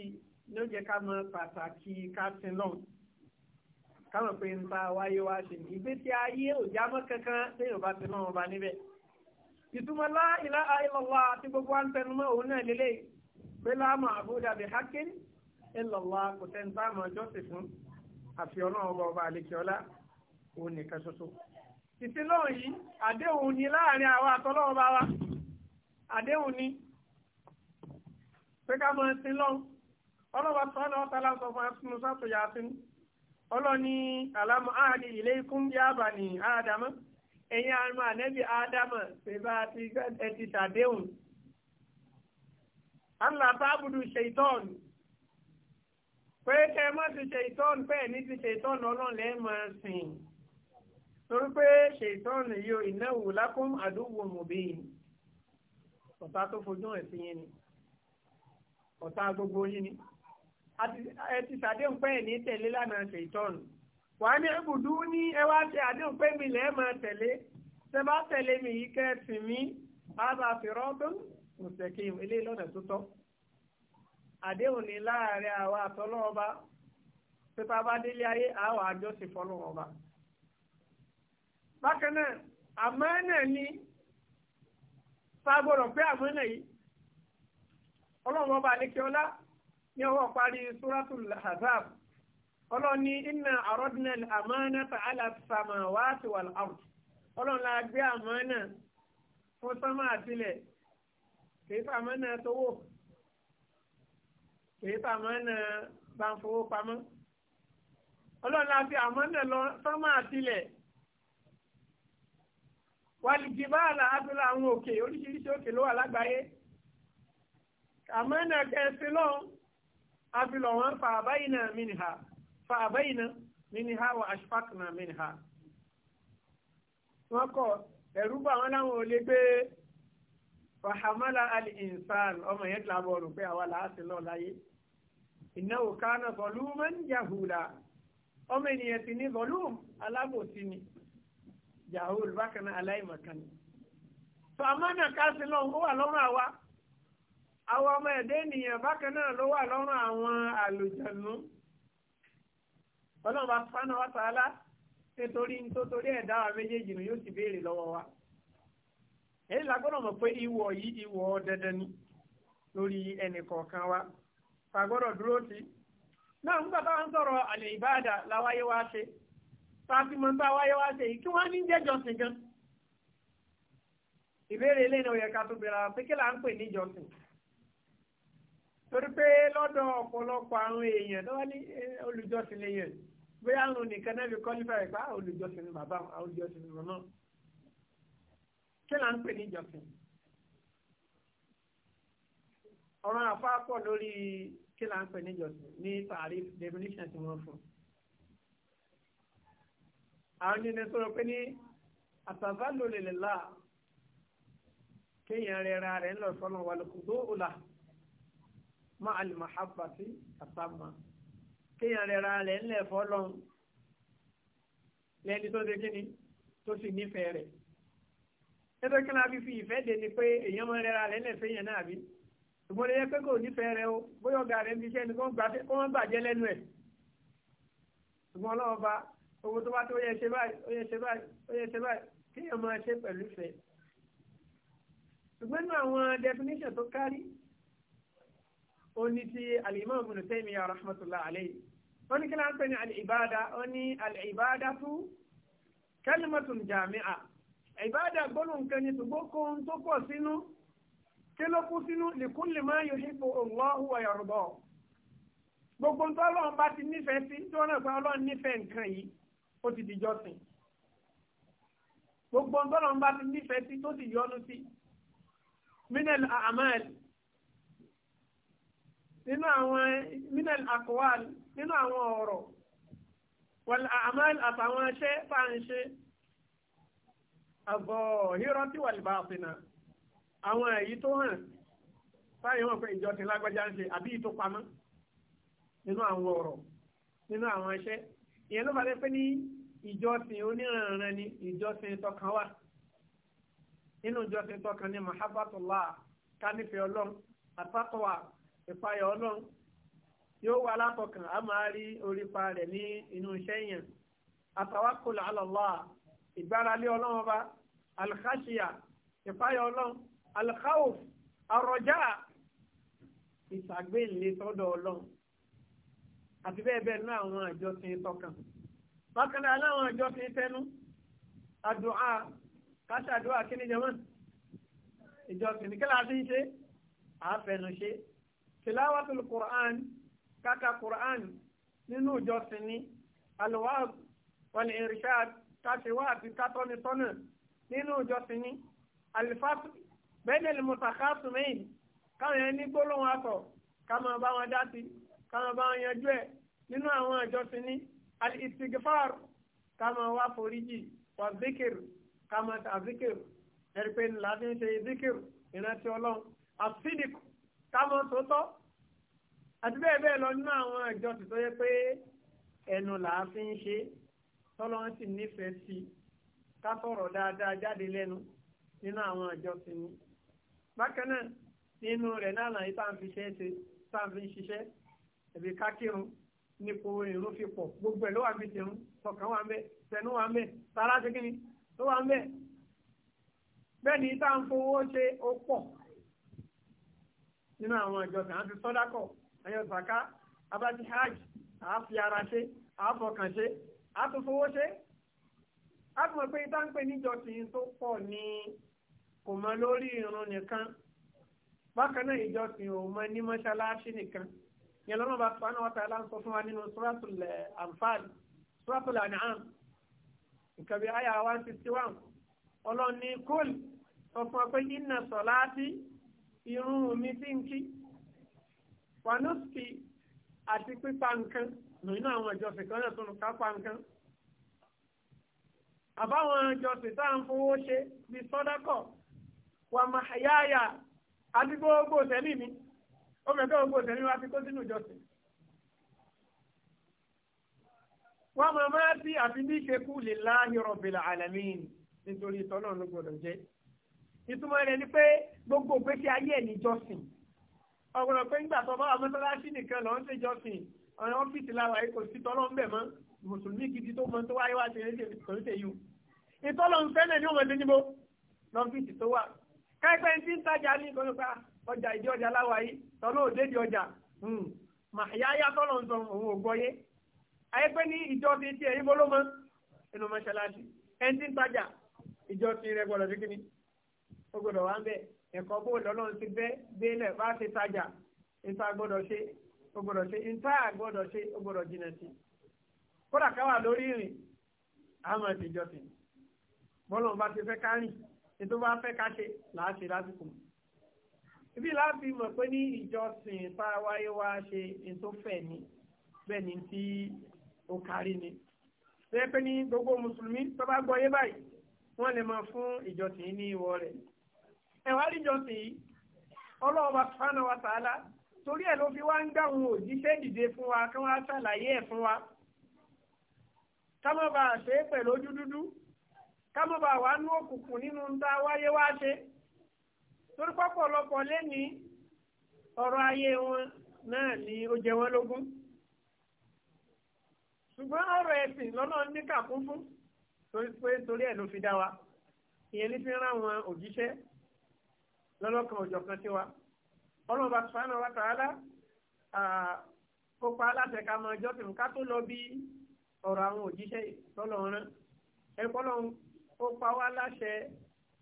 ló jẹ́ ká mọ pàtàkì ká sin lọ́hùn káwọn pé ń ta wáyé wá ṣe ní ìgbésí ayé òjá mọ́ kankan téèyàn bá ti náà wà níbẹ̀ ìtumọ̀ lá ilaha illallah àti gbogbo à ń tẹnu mọ́ òun náà lélẹ̀ pé láàmú àbúdà bí hakin illallah kò tẹ́ ń bá àmọ́ jọ́sìn fún àfi ọlọ́run ọba ọba àlekíọ́lá òun nìkan ṣoṣo ìsinlọ́run yìí àdéhùn ni láàrin àwa àtọ́lọ́run wa àdéhùn ni pé ká mọ ìsinlọ́run ọlọ́wà sọ́nà ọ̀tá láǹsọ̀ fún ọlọ́ni alamu ahadi ilaykum ya bani ádámà ẹ̀yin àmọ́ ànẹ́bí ádámà ṣèbá ti ẹtì ṣàdéhùn allah tábùdù ṣèitọ́n pé kẹ́ mọ́ ti ṣèitọ́n pé ní ti ṣèitọ́n ọlọ́run lẹ́ máa sìn torí pé ṣèitọ́n yóò innahu lakum aduwwun mubin ọ̀tá tó fojú hàn sí yín ni ọ̀tá gbogbo yín ni àti sàdéhùn pé ní tẹ̀lé lánàá ṣe ìtọ́nù wà ní ẹ̀bùdú ní ẹ wá ṣe àdéhùn pé mi lẹ́ẹ̀ máa tẹ̀lé ṣe bá tẹ̀lé mi yìí kẹ́sìn mi bàbá fìrọ́dún mùsẹ̀kìm eléyìí lọ́nà tó tọ́ àdéhùn ní láàárín àwa àtọ́lọ́ọba pípa bá délé ayé àwọn àjọ ti fọlọ́ọba bákan náà àmọ́ náà ni fagbọ́dọ̀ pé àmọ́ náà yìí ọlọ́run ọba àlékè ọlá ní ọwọ́ parí suratul Ahzab ọlọ́ni inna aradna al-amanata ala samawati wal ard ọlọ́run la gbé àmánà fún sánmà àtìlẹ̀ kìí fàmánà tówó kìí fàmánà bàǹfowópamọ́ ọlọ́run la fi àmánà lọ sánmà àtìlẹ̀ wàlìjìbáàlà àdúrà àwọn òkè oríṣiríṣi òkè ló wà lágbàáyé àmánà kẹsì afilọ̀ wọn fa àbáyìnà mìnìhà fa àbáyìnà mìnìhà wà ashfaqna mìnìhà. wọ́n kọ̀ ẹ̀rú bá wọn láwọn ò gbé fahamala al-insan ọmọ yẹn tìlá bọ̀ọ̀lù pé àwa làásì lọ láyé innahu kana zaluman jahula ọmọ ènìyàn ti ní zalum alábòsí ni jahul bákan náà aláìmọ̀kan ni. sọ àmọ́ lọ́wọ́ wà lọ́rùn àwa. àwọn ọmọ ẹ̀dẹ́ ènìyàn bákan náà ló wà lọ́rùn àwọn àlùjànnú ọlọ́run fánà wá tààlà nítorí tó torí ẹ̀dá wa méjèèjì yóò ti béèrè lọ́wọ́ wa èyí làgbọ́dọ̀ mọ̀ pé ìwọ̀ yìí ìwọ̀ dandan ni lórí ẹnì wa fàgbọ́dọ̀ dúró ti náà ń sọ̀rọ̀ àlè ìbáàdà láwáyé wá ṣe bá wáyé wá ṣe kí wọ́n ní ìbéèrè eléyìí torí pé lọ́dọ̀ ọ̀pọ̀lọpọ̀ àwọn èèyàn tó wá ní olùjọ́sìn lèèyàn bóyá àrùn nìkan náà fi kọ́lífà rẹ̀ pé ah, olùjọ́sìn ni bàbá olùjọ́sìn ni màmá kí là ń pè ní ìjọsìn ọ̀rọ̀ àfa pọ̀ lórí kí là ń pè ní ìjọsìn ní tààrí definition tí wọ́n fún àwọn nínú sọ̀rọ̀ pé ní àtàzálò lè lè là kéèyàn rẹ̀ ra rẹ̀ ń lọ sọ́nà wà lóko tó ò là má alimahabati àtàmà kéèyàn rẹ̀ ra rẹ̀ ńlẹ̀ fọ́lọ́n lẹ́ni tó ṣe kíni tó sì nífẹ̀ẹ́ rẹ̀ ẹgbẹ́ kí náà fi fi ìfẹ́ dé ni pé èèyàn máa ń rẹ̀ ra rẹ̀ ńlẹ̀ fẹ́yàn náà bí ìbọn ẹyẹ pé kò nífẹ̀ẹ́ rẹ̀ o bóyá ọ̀gá rẹ̀ ń fi iṣẹ́ ni kó wọ́n bàjẹ́ lẹ́nu ẹ̀ ṣùgbọ́n ọlọ́wọ́ bá owó tó bá tó yẹ ṣe báyìí ó yẹ ṣe báyìí ó yẹ ṣe báyìí kéèyàn máa ṣe pẹ̀lú ìfẹ́ ṣùgbọ́n nínú àwọn definition tó kárí ó ní ti al-Imam Ibn Taymiyyah rahmatullah alayhi wọ́n ní kí láń pè ní al-ibada ó ní al-ibadatu kalimatun jami'a ibada gbólóhùn kan ní ṣùgbọ́n kó ń tó pọ̀ sínú kí ló kú sínú li kulli ma yuhibbu Allahu wa yarda gbogbo nǹkan ọlọ́run bá ti nífẹ̀ẹ́ sí tí wọ́n náà pé ọlọ́run nífẹ̀ẹ́ nǹkan yìí ó ti di jọ́sìn gbogbo nǹkan ọlọ́run bá ti nífẹ̀ẹ́ sí tó ti yọnu sí minel amal nínú àwọn minel akwal nínú àwọn ọ̀rọ̀ wàlẹ amal àtàwọn iṣẹ́ tá à ń ṣe àbọ̀ hírọ́tì wàlẹ̀ bá a fi nà àwọn èyí tó hàn báyìí wọn pé ìjọ ti lágbájá ń ṣe àbí ìtò pamọ́ nínú àwọn ọ̀rọ̀ nínú àwọn iṣẹ́ ìyẹn ló fàdé pé ní ìjọsìn oníranran ni ìjọsìn tọkàn wà nínú ìjọsìn tọkàn ni mahabatullah kánífẹ Ọlọ́run àtàkọwà ìpayà ọlọ́run yóò wà látọkàn a máa rí orípa rẹ̀ ní inú iṣẹ́ yẹn àtàwákùlà àlọ́lá ìgbáralé ọlọ́run ọba alkhashia ìpayà ọlọ́run alkhawf arọjá ìsàgbéǹlé tọ́dọ̀ ọlọ́run àti bẹ́ẹ̀ bẹ́ẹ̀ ní àwọn àjọsìn tọkàn bákan náà láwọn àjọsìn tẹnu àdùá káṣàdùá kíníjẹmọ́ ìjọsìn ní kíláàsì ń ṣe àáfẹnu tìláwàtúlù qur'an káka qur'an nínú ìjọsìn ni alwaz wal irshad káṣíwá àti kátọ́nitọ́nà nínú ìjọsìn ni alifásù bẹ́ẹ̀ni mùsàkásù mẹ́yìn káwọn yẹn ní gbólóhùn àtọ̀ káwọn bá wọn dá sí káwọn bá wọn yanjú ẹ̀ nínú àwọn ìjọsìn ni al-istighfar zikir káwọn ta zikir ẹ̀rí pé ńlá fi ń ṣe zikir ìrántí kámọ́ sótọ́ àti bẹ́ẹ̀ bẹ́ẹ̀ lọ nínú àwọn ìjọsìn tó yẹ pé ẹnu làá fi ń ṣe tọ́lọ́ ń sì nífẹ̀ẹ́ sí ká sọ̀rọ̀ dáadáa jáde lẹ́nu nínú àwọn ìjọsìn ni bákan náà nínú rẹ̀ náà làyè tá à ń fi ṣe é ṣe tá à ń fi ń ṣiṣẹ́ ẹ̀bí ká kírun nípo ìrún fi pọ̀ gbogbo ẹ̀ ló wà fi tẹ̀rún sọ̀kan wà ń bẹ̀ tẹ̀nu wà ń bẹ̀ tara ṣe kí ni ló wà ń bẹ̀ bẹ́ẹ̀ ni tá fowó ṣe ó pọ̀ nínú àwọn ìjọsìn àti sọ́dákọ̀ ẹ̀yọ zaka abati hajj àáfi ara ṣe àáfọkàn ṣe àtúnfowó ṣe á fi mọ̀ pé ìta ń pè níjọsìn tó pọ̀ ní kò mọ lórí irun nìkan bákan náà ìjọsìn ò mọ ní mọ́ṣáláṣí nìkan yẹn lọ́nà bá sọ́nà wọ́n tààlà ń sọ fún wa nínú suratul anfal suratul an'am nǹkan bíi àyà one sixty one ọlọ́ni kúl sọ fún wa pé inna salati irun mi tí ń kí wanoski àti pípa nǹkan nínú àwọn ìjọsìn kan náà tó ń kápá nǹkan àbáwọn ìjọsìn tá à ń fowó ṣe bí sọdọkọ wà máyáyà àti gbogbo òsẹ́lì mi ó fẹ́ kí gbogbo òsẹ́lì wa fi kó sínú ìjọsìn. wọ́n máa máa ti àfi bí ṣe kú lillahi rabbil alamin nítorí ìtọ́nà ló gbọ́dọ̀ jẹ́ ìtumọ̀ rẹ̀ ni pé gbogbo ìgbésí ayé ẹ̀ níjọsìn ọ̀gbọ̀n pé nígbà tó bá wà mọ́sálásí nìkan lọ́n ṣe jọsìn ọ̀rẹ́ ọ́fíìsì láwa kò sí tọ́lọ́ ń bẹ̀ mọ́ mùsùlùmí gidi tó mọ tó wáyé wá ṣe kò ń ṣe yù ìtọ́lọ́ ń fẹ́lẹ̀ ní ọmọdé níbo lọ́fíìsì tó wà káìpẹ́ ń ti ń tajà ní ìkọ́lùpá ọjà ìdí ọjà láwa yìí tọ́lọ́ òde di ó gbọ́dọ̀ wá ń bẹ̀ ẹ̀kọ́ bó lọ́lọ́run ti bẹ́ délẹ̀ bá ti tajà níta gbọ́dọ̀ ṣe ó gbọ́dọ̀ ṣe níta gbọ́dọ̀ ṣe ó gbọ́dọ̀ jìnà sí kódà káwà lórí ìrìn àmọ́ ìjọsìn bọ́lọ́run bá ti fẹ́ ká rìn ètò bá fẹ́ ká ṣe láṣẹ lásìkò ibi láti mọ̀ pé ní ìjọsìn tá a wáyé wá ṣe ètò fẹ̀ ni bẹ́ẹ̀ ni tí ó kárí ni ṣé pé ní gbogbo mùsùlùmí tó bá gbọ́ yé báyìí wọ́n lè máa fún ìjọsìn ní ìwọ rẹ̀ ẹ̀wárí jọ̀sìn yìí ọlọ́ọ̀bà fana wa tààlà torí ẹ̀ ló fi wá ń dáhùn òjíṣẹ́ dìde fún wa kí wọ́n á ṣàlàyé ẹ̀ fún wa ká má bàa ṣe é pẹ̀lú ojú dúdú ká má bàa nú òkùnkùn nínú ta wáyé wá ṣe torí pọ́pọ̀lọpọ̀ lẹ́ni ọ̀rọ̀ ayé wọn náà ni ó jẹ wọ́n lógún ṣùgbọ́n ọ̀rọ̀ ẹ̀sìn lọ́nà ní kàkún torí pé torí ẹ̀ ló fi dá wa ìyẹn ní fi rán àwọn òjíṣẹ́ lọ́lọ́kan òjò kan sí wa ọlọ́run bá sùpánà wa tààlà kópa aláṣẹ ká mọ ọjọ́ tìǹ ká tó lọ bí ọ̀rọ̀ àwọn òjíṣẹ́ tọ́lọ́run rán ẹ̀kọ́ lọ́run ó pa wá láṣẹ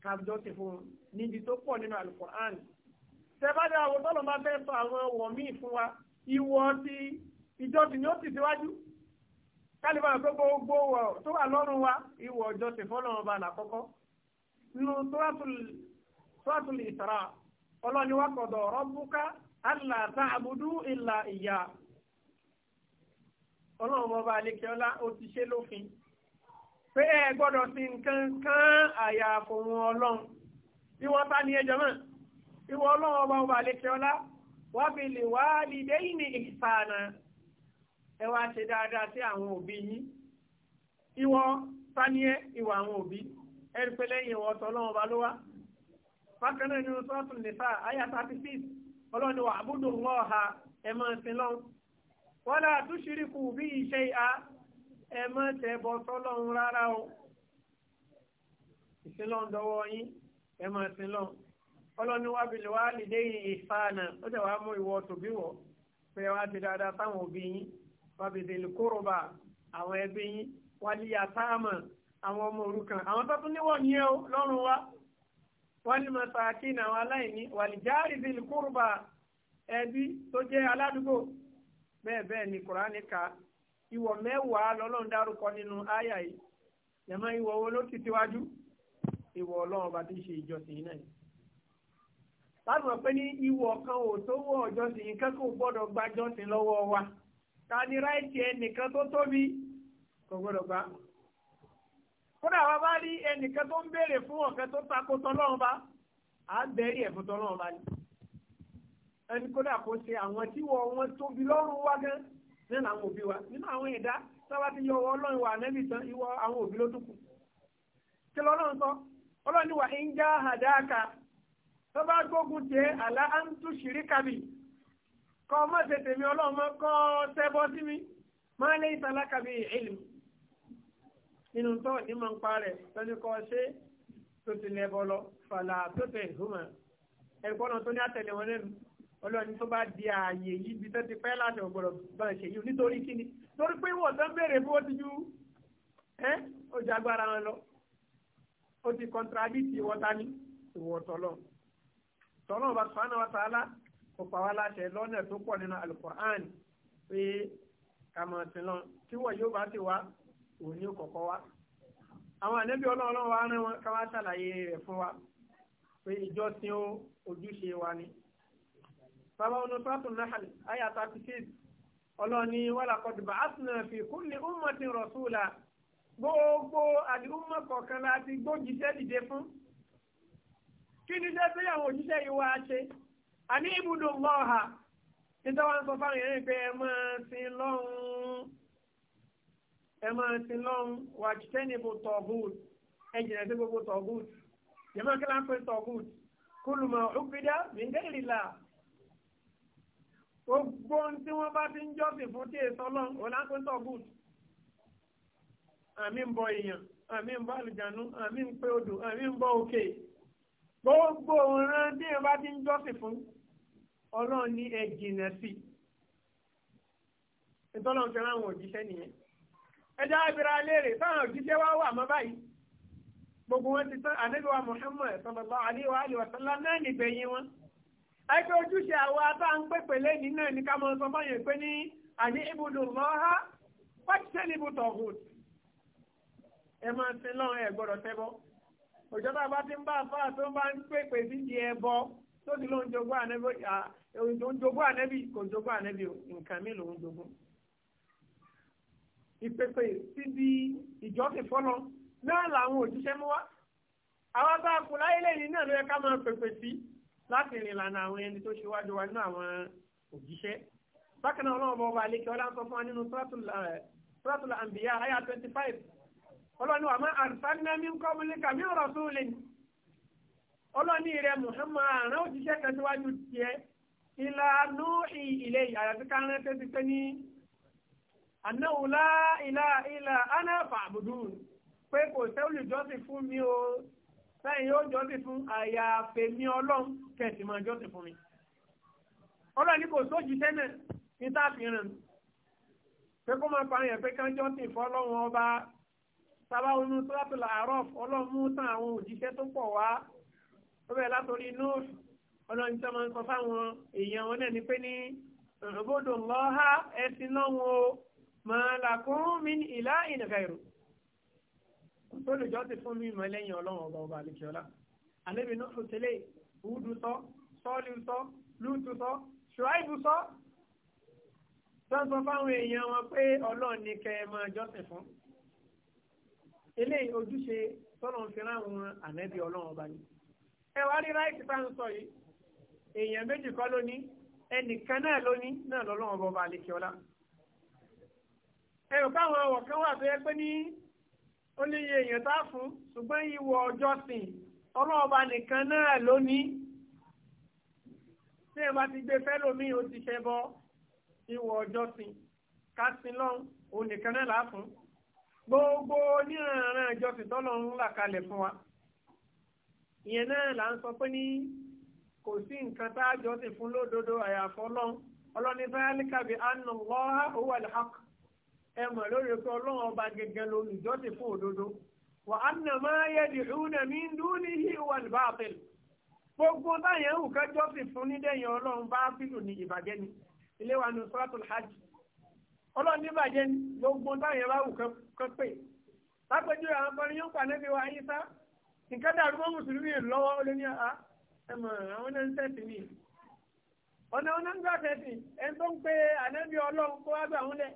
kájọ́ ti fún un níbi tó pọ̀ nínú alukur'an tẹ́bádé àwọn tọ́lọ́run bá fẹ́ sọ àwọn ọ̀wọ̀ míì fún wa ìwọ ti ìjọsìn ni ó ti síwájú kálíbà tó gbogbo tó wà lọ́rùn wa ìwọ ọjọ́ ti fọ́lọ́run ba làkọ́kọ́ nínú tó wà tó suratul Isra ọlọ́ni wa qada rabbuka alla ta'budu illa iya ọlọ́run bọ́ bá alékeọ́lá ó ti ṣe lófin pé ẹ gbọ́dọ̀ sí nǹkan kan àyà àfòrun ọlọ́run ìwọ bá ní ẹjọ́ mọ́ ìwọ ọlọ́run ọba ọba alékeọ́lá wá fi lè wá lílé ìní ìsànà ẹ wá ṣe dáadáa sí àwọn òbí yín ìwọ sáníẹ́ ìwà àwọn òbí ẹ rí pé lẹ́yìn ìwọ ọ̀tọ̀ ọba ló wá bákan náà nínú sọ́ọ̀tún nìfà àyà thirty ọlọ́ni wà àbúdò ńlọ́ọ̀ha ẹ̀ máa sin lọ́n wọ́n láà tún bí iṣẹ́ ìhà ẹ̀ máa sọ́lọ́run rárá o ìsin lọ́n dọwọ́ yín ẹ̀ máa lọ́n ọlọ́ni wà bìlẹ̀ wà lìdé ìfàànà ó dẹ̀ wàá mú ìwọ tòbí pé wàá ti dáadáa wọ́n ní masakin àwọn aláìní wàlìjáàrí bíi kúrúbà ẹbí tó jẹ́ aládùúgbò bẹ́ẹ̀ bẹ́ẹ̀ ni kùránì ka ìwọ̀ mẹ́wàá lọ́lọ́run dárúkọ nínú àyà yìí yàmọ́ ìwọ̀ wo ló ti tiwájú ìwọ̀ ọlọ́run ọba tí ń ṣe ìjọsìn náà yìí. láti mọ̀ pé ní ìwọ̀ kan ò tó wọ̀ ọjọ́sìn nǹkan kò gbọ́dọ̀ gba jọ́sìn lọ́wọ́ wa ta ni ráìtì ẹnìkan tó tóbi kò gbọ́dọ̀ gba kódà wa bá rí ẹnìkan tó ń béèrè fún ọ̀kẹ́ tó takò tọ́lọ́run bá à ń bẹ̀rí ẹ̀fún tọ́lọ́run bá ní. ẹni kódà kò ṣe àwọn tí wọ́n wọn tóbi lọ́rùn wá gan nínú àwọn òbí wa nínú àwọn ẹ̀dá sábà ti yọ ọwọ́ ọlọ́run wà nẹ́bí tán ìwọ àwọn òbí ló dúkù. kí lọ́lọ́run sọ ọlọ́run ni wà ń já àdáàkà tó bá gbógun àlá á ń tú nínú tó ní mọ̀ ń pa rẹ̀ lọ́ní kọ́ ṣe tó ti lẹ́bọ̀ lọ fàlà tó tẹ̀ ìhùmọ̀ ẹ̀kọ́ náà tó ní àtẹ̀lé wọn lẹ́nu ọlọ́ni tó bá di ààyè yìí bí tó ti pẹ́ láti ọ̀gbọ̀rọ̀ bá ṣe yìí nítorí kíni torí pé wọ́n tó ń béèrè fún ó ju ẹ́ ó agbára wọn lọ ó ti kọ́ntradíìtì wọ́ta ní ìwọ̀ tọ́lọ̀ tọ́lọ̀ bá sọ́nà wa ta'ala kò pa wá láṣẹ lọ́nà tó pọ̀ nínú Al-Qur'an pé kàmọ̀tì lọ tí wọ́n yóò bá ti wá òun ní kọ̀kọ́ wá àwọn ànábì ọlọ́run wa rán wọn ká wá ṣàlàyé rẹ̀ fún wa pé ìjọsìn o ojúṣe wa ni. bàbá ọ̀nà sọ́tù nahal ayé thirty six ọlọ́ni walaqad ba'athna fi kulli ummatin rasula gbogbo àdìúmọ̀ kọ̀ọ̀kan láti gbójíṣẹ́ dìde fún. kí ni jẹ́ sẹ́yìn àwọn òjíṣẹ́ yìí wá ṣe? àní ibùdó ńlọ́ọ̀ha nítorí wọn sọ fáwọn èèyàn pé ẹ máa sin lọ́hùn-ún ẹ máa ti lọ́hún wà jìtẹ́nìbù tọ̀gùt ẹ jìnà sí gbogbo tọ̀gùt jẹ́mọ́ kí láńpẹ́ tọ̀gùt kúlùmọ̀ ọ̀gbìdá mìndẹ́rìlá gbogbo ohun tí wọ́n bá fi ń jọ́sìn fún tí èso lọ́hún ò láńpẹ́ tọ̀gùt àmì ń bọ èèyàn àmì ń bọ àlùjànú àmì ń pé odò àmì ń bọ òkè gbogbo òran tí wọ́n bá fi ń jọ́sìn fún ọlọ́run ní ẹ jìnà sí ìtọ́lọ́run fẹ́ràn àwọn òjíṣẹ́ nìyẹn ẹja abira léèrè táwọn òjíṣẹ́ wá wà mọ́ báyìí gbogbo wọn ti tán ànábì Muhammad sallallahu alaihi wọn ẹgbẹ́ ojúṣe àwọn abá ń pèpè lẹ́ni náà ní ká máa sọ ibùdó lọ́ha ẹ máa lọ́run ẹ gbọ́dọ̀ tẹ́bọ́ bá ti ń bá bá ń ẹbọ tó ti ìpèpè síbi ìjọsìn fọlọ náà làwọn òjíṣẹ́ mú wá àwọn bá a kù láyé lẹ́yìn náà ló yẹ ká máa pèpè sí láti rìn lànà àwọn ẹni tó ṣe wájú wa nínú àwọn òjíṣẹ́ bákan náà ọlọ́run bọba àlekè ọlá ń sọ fún wa nínú suratul eh, anbiya aya twenty five ọlọ́ni wa máa arsalna min qablika min rasulin ọlọ́ni rẹ̀ Muhammad àrùn òjíṣẹ́ kan síwájú tiẹ̀ ìlànà ìlẹ̀ àyàfi ká rántí ti pé ní annahu la ilaha illa ana fa'budun pé kò sẹ́wùlì jọ́sìn fún mi o sẹ́yìn yóò jọ́sìn fún àyàfẹ́ mi ọlọ́run kẹ̀sì máa jọ́sìn fún mi ọlọ́run ní kò sójì tẹ́nẹ̀ ní táàfihàn pé kó máa parí ẹ̀ pé ká jọ́sìn fún ọlọ́run ọba sábàwọn inú sọ́dọ̀tò làárọ̀ ọlọ́run mú tán àwọn òjíṣẹ́ tó pọ̀ wá ó bẹ̀rẹ̀ látòrí nóòfù ọlọ́run tí wọ́n máa ń sọ fáwọn èèyàn wọn náà ní pé ní òbódò màlákùn min ìlà ìnìkàìrò olùjọ́ ti fún mi mọ́ lẹ́yìn ọlọ́run ọba ọba àlekíọ́lá àlébi náà fòtẹ́lẹ̀ wúdù sọ sọ́ọ̀lì sọ lúùtù sọ ṣùáìbù sọ sọ́sọ fáwọn èèyàn wọn pé ọlọ́run ní kẹ́ ẹ máa jọ́sìn fún eléyìí ojúṣe tọ́lọ̀ ń fi ráwọn ànẹ́bí ọlọ́run ọba ni ẹ wá rí ráìtì tá à ń sọ yìí èèyàn méjì kọ́ lóní ẹnìkan náà lóní náà lọ́lọ́run ọba ọba àlekíọ́lá ẹ̀rù káwọn ọ̀wọ̀ kan wà tó yẹ pé ní ó ní iye èèyàn tá fún ṣùgbọ́n ìwọ ọjọ́ sìn ọlọ́ọ̀ba nìkan náà lónìí tí ẹ bá ti gbé fẹ́ lómi ó ti ṣẹ bọ́ ìwọ ọjọ́ sìn ká sin lọ́n òun nìkan náà là á fún gbogbo onírànràn ìjọsìn tọ́lọ̀ ń là kalẹ̀ fún wa ìyẹn náà là ń sọ pé ní kò sí nǹkan tá a jọ́sìn fún lódodo àyàfọ́ lọ́n ọlọ́ni fẹ́ẹ́ lẹ́kàbí anna Allaha huwa al-haq ẹ mọ̀ lórí pé ọlọ́run ọba gẹ́gẹ́ lolùjọ́sìn fún òdodo wà á nà máa yẹ dìrúnà mí ń dún ní ìwà ìbáàpẹ̀lú gbogbo táyẹn ń kẹ́ jọ́sìn fún nídẹ̀yìn ọlọ́run bá bílù ní ìbàjẹ́ ni ilé wa ní suratul hajj ọlọ́run ní ìbàjẹ́ ni gbogbo táyẹn bá wù kẹ́ pè lápẹjù àwọn akọrin yóò pàdé bí wa ayíṣá nǹkan dàrú mọ́ mùsùlùmí lọ́wọ́ ó ah, ọ̀nà ọ̀nà ẹ̀ ń tó ń pe ànábì ọlọ́run kó wá gbà wọn lẹ̀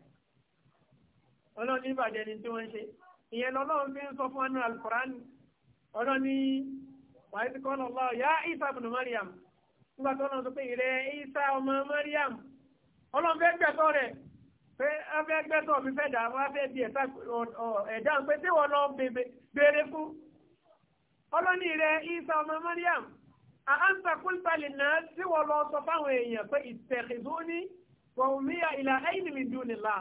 ọlọ́run ní ìbàjẹ́ ni tí wọ́n ń ṣe ìyẹn lọ́lọ́run fi ń sọ fún anú alukurani ọlọ́run ní wàá ti kọ́ lọ́lọ́ ya isa bùnú mariam nígbà tó lọ́n sọ pé ìrẹ́ isa ọmọ mariam ọlọ́run fẹ́ gbẹ̀tọ́ rẹ̀ pé afẹ́ gbẹ́tọ̀ mi fẹ́ dà wọ́n afẹ́ di ẹ̀dá pé tí wọ́n lọ béèrè fún ọlọ́ni rẹ̀ isa ọmọ mariam àhánsà kúlpalì náà tí wọ́n lọ sọ fáwọn èèyàn pé ìtẹ̀kìdúní wọ̀hùnmíyà ìlà ẹ̀yìn mi dùn nílá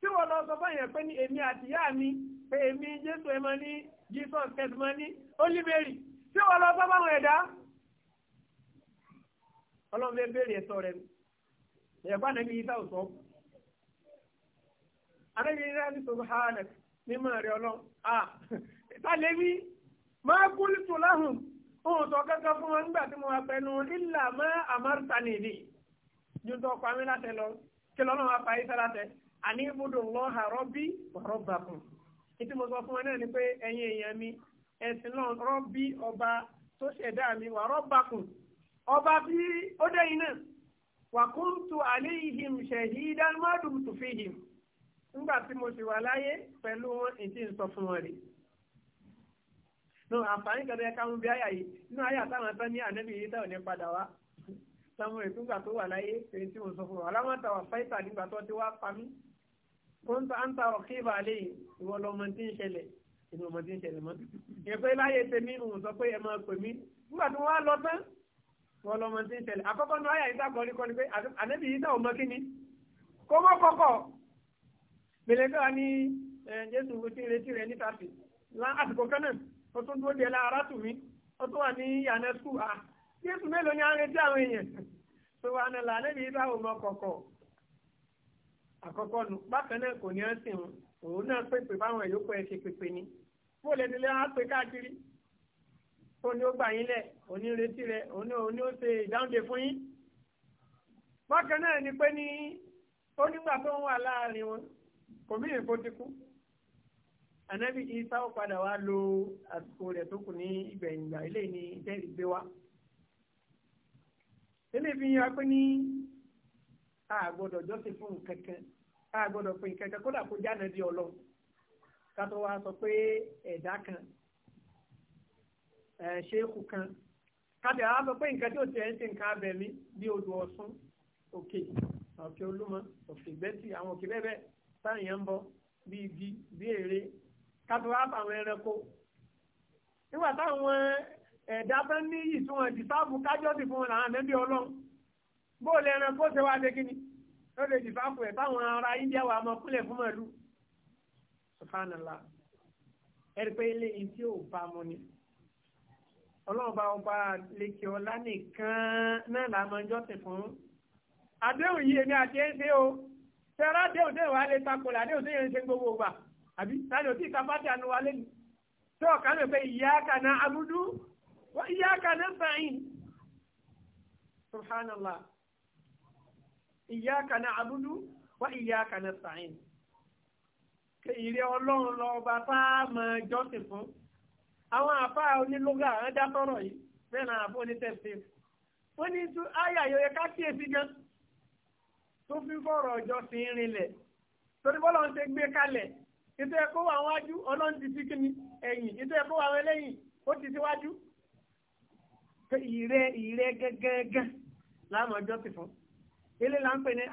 tí wọ́n lọ sọ fáyẹn pé ní èmi àtìyá mi pé èmi jésù ẹmọ ní jesus kẹsìmọ ní oliveri tí wọ́n lọ sọ fáwọn ẹ̀dá ọlọ́run fẹ́ béèrè ẹ̀sọ́ rẹ̀ ẹ̀kọ́ ànábi yìí sáwọ́ sọ. ànábi yìí sáwọ́ sọ hànà mímọ́ rẹ̀ ọlọ́run à tálẹ́bí máa kúlù tó láhùn òun sọ kankan fún wọn nígbà tí mo wá pẹnu ìlà mọ́ àmọ́rìtánì nìyí ju tó pa mí látẹ lọ kí lọ́nà wá àní ibùdó lọ́ha rọ́bí rọ́bà kan ètò mo sọ fún wọn náà ni pé ẹ̀yin èèyàn mi ẹ̀sìn náà rọ́bí ọba tó ṣẹ̀dá mi wà rọ́bà kan ọba bí ó dẹ́yìn náà wà kúntù àléhìhìm ṣẹ̀hídán mọ́dùm tó fi hìm nígbà tí mo sì wà láyé pẹ̀lú wọn ètí ń sọ fún wọn rè nù àǹfààní kan tó yẹ bí àyà yìí nínú àyà táwọn tán ní ànábì yìí táwọn ní padà wá táwọn ètò ìgbà tó wà láyé èyí tí fún wọn alámọ̀tà wà fáìtà nígbà tó ti wá pa mí kóńtà ń ta ọ̀kí ìbàlẹ̀ ìwọ lọmọ tí ń ṣẹlẹ̀ ìwọ lọmọ tí ń ṣẹlẹ̀ mọ́. ìyẹn pé láyé tèmi ń sọ pé ẹ máa pè mí nígbà tí wọ́n á lọ tán ìwọ lọmọ tí ń ṣẹlẹ̀ àkọ́kọ́ ní ọ̀yà ìta kọ́ni kọ́ni pé ànábì yìí náà mọ́ kíni kó mọ́ kọ́kọ́ mẹlẹ́kọ́ ni jésù ti retí rẹ níta sí àsìkò kan náà ó tún dúró dé lára tù mí ó tún wà ní yànnà skul à jésù mélòó àkọ́kọ́ nu bákan náà kò ní ẹ̀sìn òun náà pèpè báwọn ìyókù ẹ̀ ṣe pèpè ni bó lè nílé wọn á pè káàkiri ó ní ó gbà yín lẹ̀ òní retí rẹ̀ òní òní ó ṣe ìdáhùnde fún yín bákan náà ni pé ní ó nígbà tó ń wà láàrin wọn kò mí èèfó ti kú ànábì Ìsá ó padà wá lo àsìkò rẹ̀ tó kù ní ìgbẹ̀yìngbà eléyìí ní ìtẹ́rì gbé wá eléyìí fi hàn pé ní a gbọ́dọ̀ jọ́sìn fún kankan a gbọ́dọ̀ pé kankan kódà kó jáde di ọlọ́run ká tó wá sọ pé ẹ̀dá kan ṣéèkù kan kábẹ̀ àwọn sọ pé nǹkan tí ó ti ẹ̀ ń ṣe nǹkan abẹ̀mí bí odò ọ̀sán òkè òkè olúmọ òkè ìgbẹ́sì àwọn òkè bẹ́ẹ̀ bẹ́ẹ̀ sáyẹn ń bọ bí igi bí èrè kábẹ̀ wá fáwọn ẹranko nígbà táwọn ẹ̀dá bá ní ìtumọ̀ ìdìsáàbù kájọ́sì fún wọn làwọn àmẹ́bí ọlọ́run bóòlù ẹran kó ṣe wá ṣe kí ni ó lè dìbò àpò ẹ̀ báwọn ará India wà mọ́ kúlẹ̀ fún màlúù subhanallah ẹ̀rí pé ilé ìtí ò bá mu ni ọlọ́run bá ọba lèkè ọlá nìkan náà là máa ń jọ́sìn fún àdéhùn yìí èmi àti ẹ̀ ń ṣe o tẹ̀rọ àdéhùn tẹ̀rọ wa lè takò làdéhùn tẹ̀rọ ń ṣe gbogbo ògbà àbí tani ò tí ì wa lẹ́nu tí ọ̀kan lè pe ìyá kana abudu ìyá kana sàyìn subhanallah iyyaka na'budu wa iyyaka nasta'in ìrẹ́ ọlọ́run lọ ọba tá a mọ jọ́sìn fún àwọn àfa onílógà àwọn dátọ́rọ̀ yìí bẹ́ẹ̀ náà àbọ̀ onítẹ̀sí ó ní tú àyà yóò yẹ ká kíyèsí gan tó fi fọ̀rọ̀ jọ́sìn rinlẹ̀ torí bọ́lá ń ṣe gbé kalẹ̀ ètò ẹ̀kọ́ àwọn wájú ọlọ́run ti sí kíni ẹ̀yìn ètò ẹ̀kọ́ àwọn ẹlẹ́yìn ó ti síwájú ìrẹ́ ìrẹ́ gẹ́gẹ́gẹ́ láàmú ọjọ́ ti fún ilé là ń pè ní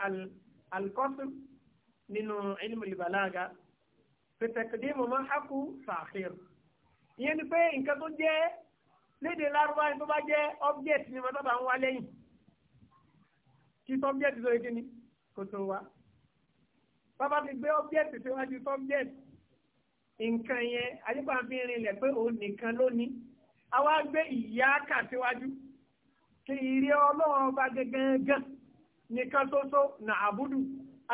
alkọ́sùn nínú ilmul balaga pẹ̀tẹ̀kìdì mọ̀mọ́ hákù sàkír ìyẹn ni pé nǹkan tó jẹ́ léde lárúbáyé tó bá jẹ́ object ni mo sábà ń wá lẹ́yìn kí subject lóye kí ni kò tó wá bàbá ti gbé object síwájú subject nǹkan yẹn adébàfin rinlẹ̀ pé òun nìkan lónìí àwa gbé ìyá kà síwájú kí ìrí ọlọ́run ọba gẹ́gẹ́ gan-an nìkan ṣoṣo nà àbúdù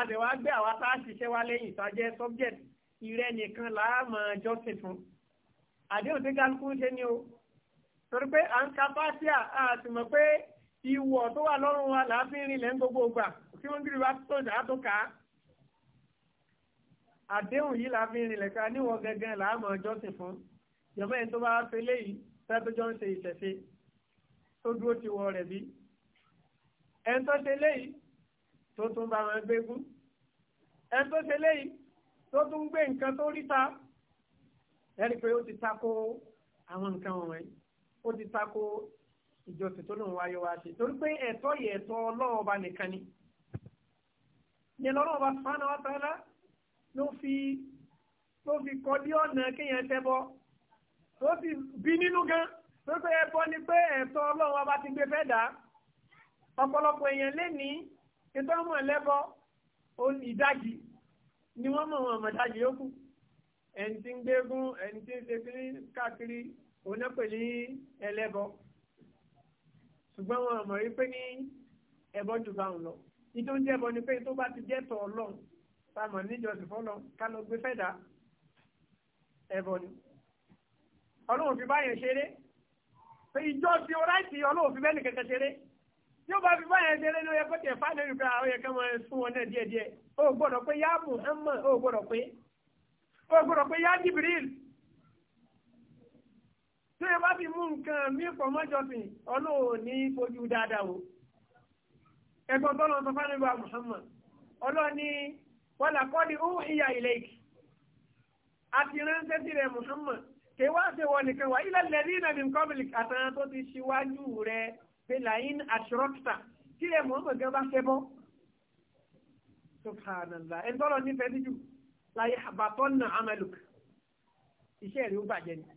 àtẹ̀wá gbé àwa tá a ṣiṣẹ́ wá lẹ́yìn ìtajẹ́ subject ìrẹ́ nìkan láàmà jọ́sìn fún àdéhùn tí kálukú ṣe ni o torí pé à ń ka fásíà àti mọ̀ pé ìwọ̀ tó wà lọ́rùn wa láàfin rinlẹ̀ ń gbogbo ògbà tí wọ́n gírí wa tó ìdá tó kà á àdéhùn yìí láàfin rinlẹ̀ ká níwọ̀n gẹ́gẹ́ láàmà jọ́sìn fún jọ̀mọ́ ẹni tó bá fẹ́ léyìí tẹ́tọ́jọ́ ń ṣe ìṣẹ̀ṣe tó dúró ti wọ rẹ̀ bí ẹni tó ṣe léyìí tó tún bá wọn gbégún ẹni tó ṣe léyìí tó tún gbé nǹkan tó rí ta ẹni pé ó ti tako àwọn nǹkan wọ̀nyí ó ti tako ìjọsìn tó lòun wáyé wá ṣe torí pé ẹ̀tọ́ yẹ ẹ̀tọ́ ọlọ́ọ̀ba nìkan ni yẹn lọ́lọ́ọ̀ba sùpánà wá sáyẹ́lá ló fi tó fi kọjú ọ̀nà kéèyàn tẹ́bọ̀ tó fi bí nínú gan tó pé ẹbọ ni pé ẹ̀tọ́ ọlọ́run ti gbé fẹ́ dà ọ̀pọ̀lọpọ̀ èèyàn lénìí ètò ọmọ ẹlẹ́bọ ìdájì ni wọ́n mọ̀ wọn àmọ̀dájì yókù ẹni tí ń gbégún ẹni tí ń ṣe kiri káàkiri onípè ní ṣùgbọ́n wọn àmọ̀ rí pé ní ẹbọ jù bá wọn lọ ìjọ ń jẹ́ ẹbọ ni pé tó bá ti jẹ́ tọ̀ ọlọ́run pàmò níjọsìn fọlọ́ ká lọ gbé fẹ́dà ẹbọ ni ọlọ́run fi báyẹn ṣeré pé ìjọ ti ọ̀ráìtì ọlọ́run fi bẹ́ẹ̀ nìkẹ́kẹ́ ṣeré tí ó bá fi bá yẹn ṣeré ló yẹ kó tẹ̀ fáwọn ẹnìkan àwọn yẹn kẹ́mọ fún wọn náà díẹ̀díẹ̀ o gbọ́dọ̀ pé yá Muhammad o gbọ́dọ̀ pé o gbọ́dọ̀ pé yá Jibril tí ó bá fi mú nǹkan mí pọ̀ mọ́jọ́sìn ọlọ́run ní ojú dáadáa o ẹ̀gbọ́n tó lọ sọ fáwọn ẹnìkan Muhammad ọlọ́ni wọ́n làkọ́dí ó ìyà ilẹ̀ ìkì àti ránṣẹ́ sí rẹ̀ Muhammad kèwàá ṣe wọ́n nìkan wà ilẹ̀ lẹ́rí ìnàbí nǹkan bìlì àtàrà tó ti ṣíwájú pé làyín àṣírọ́kítà kí lè mọ̀ ọ́n bá fẹ́ bọ́ subhanallah ẹni tọ́lọ nífẹ̀ẹ́ níjù láyé àbàtọ́ nà amaluk iṣẹ́ rí ó bàjẹ́ ni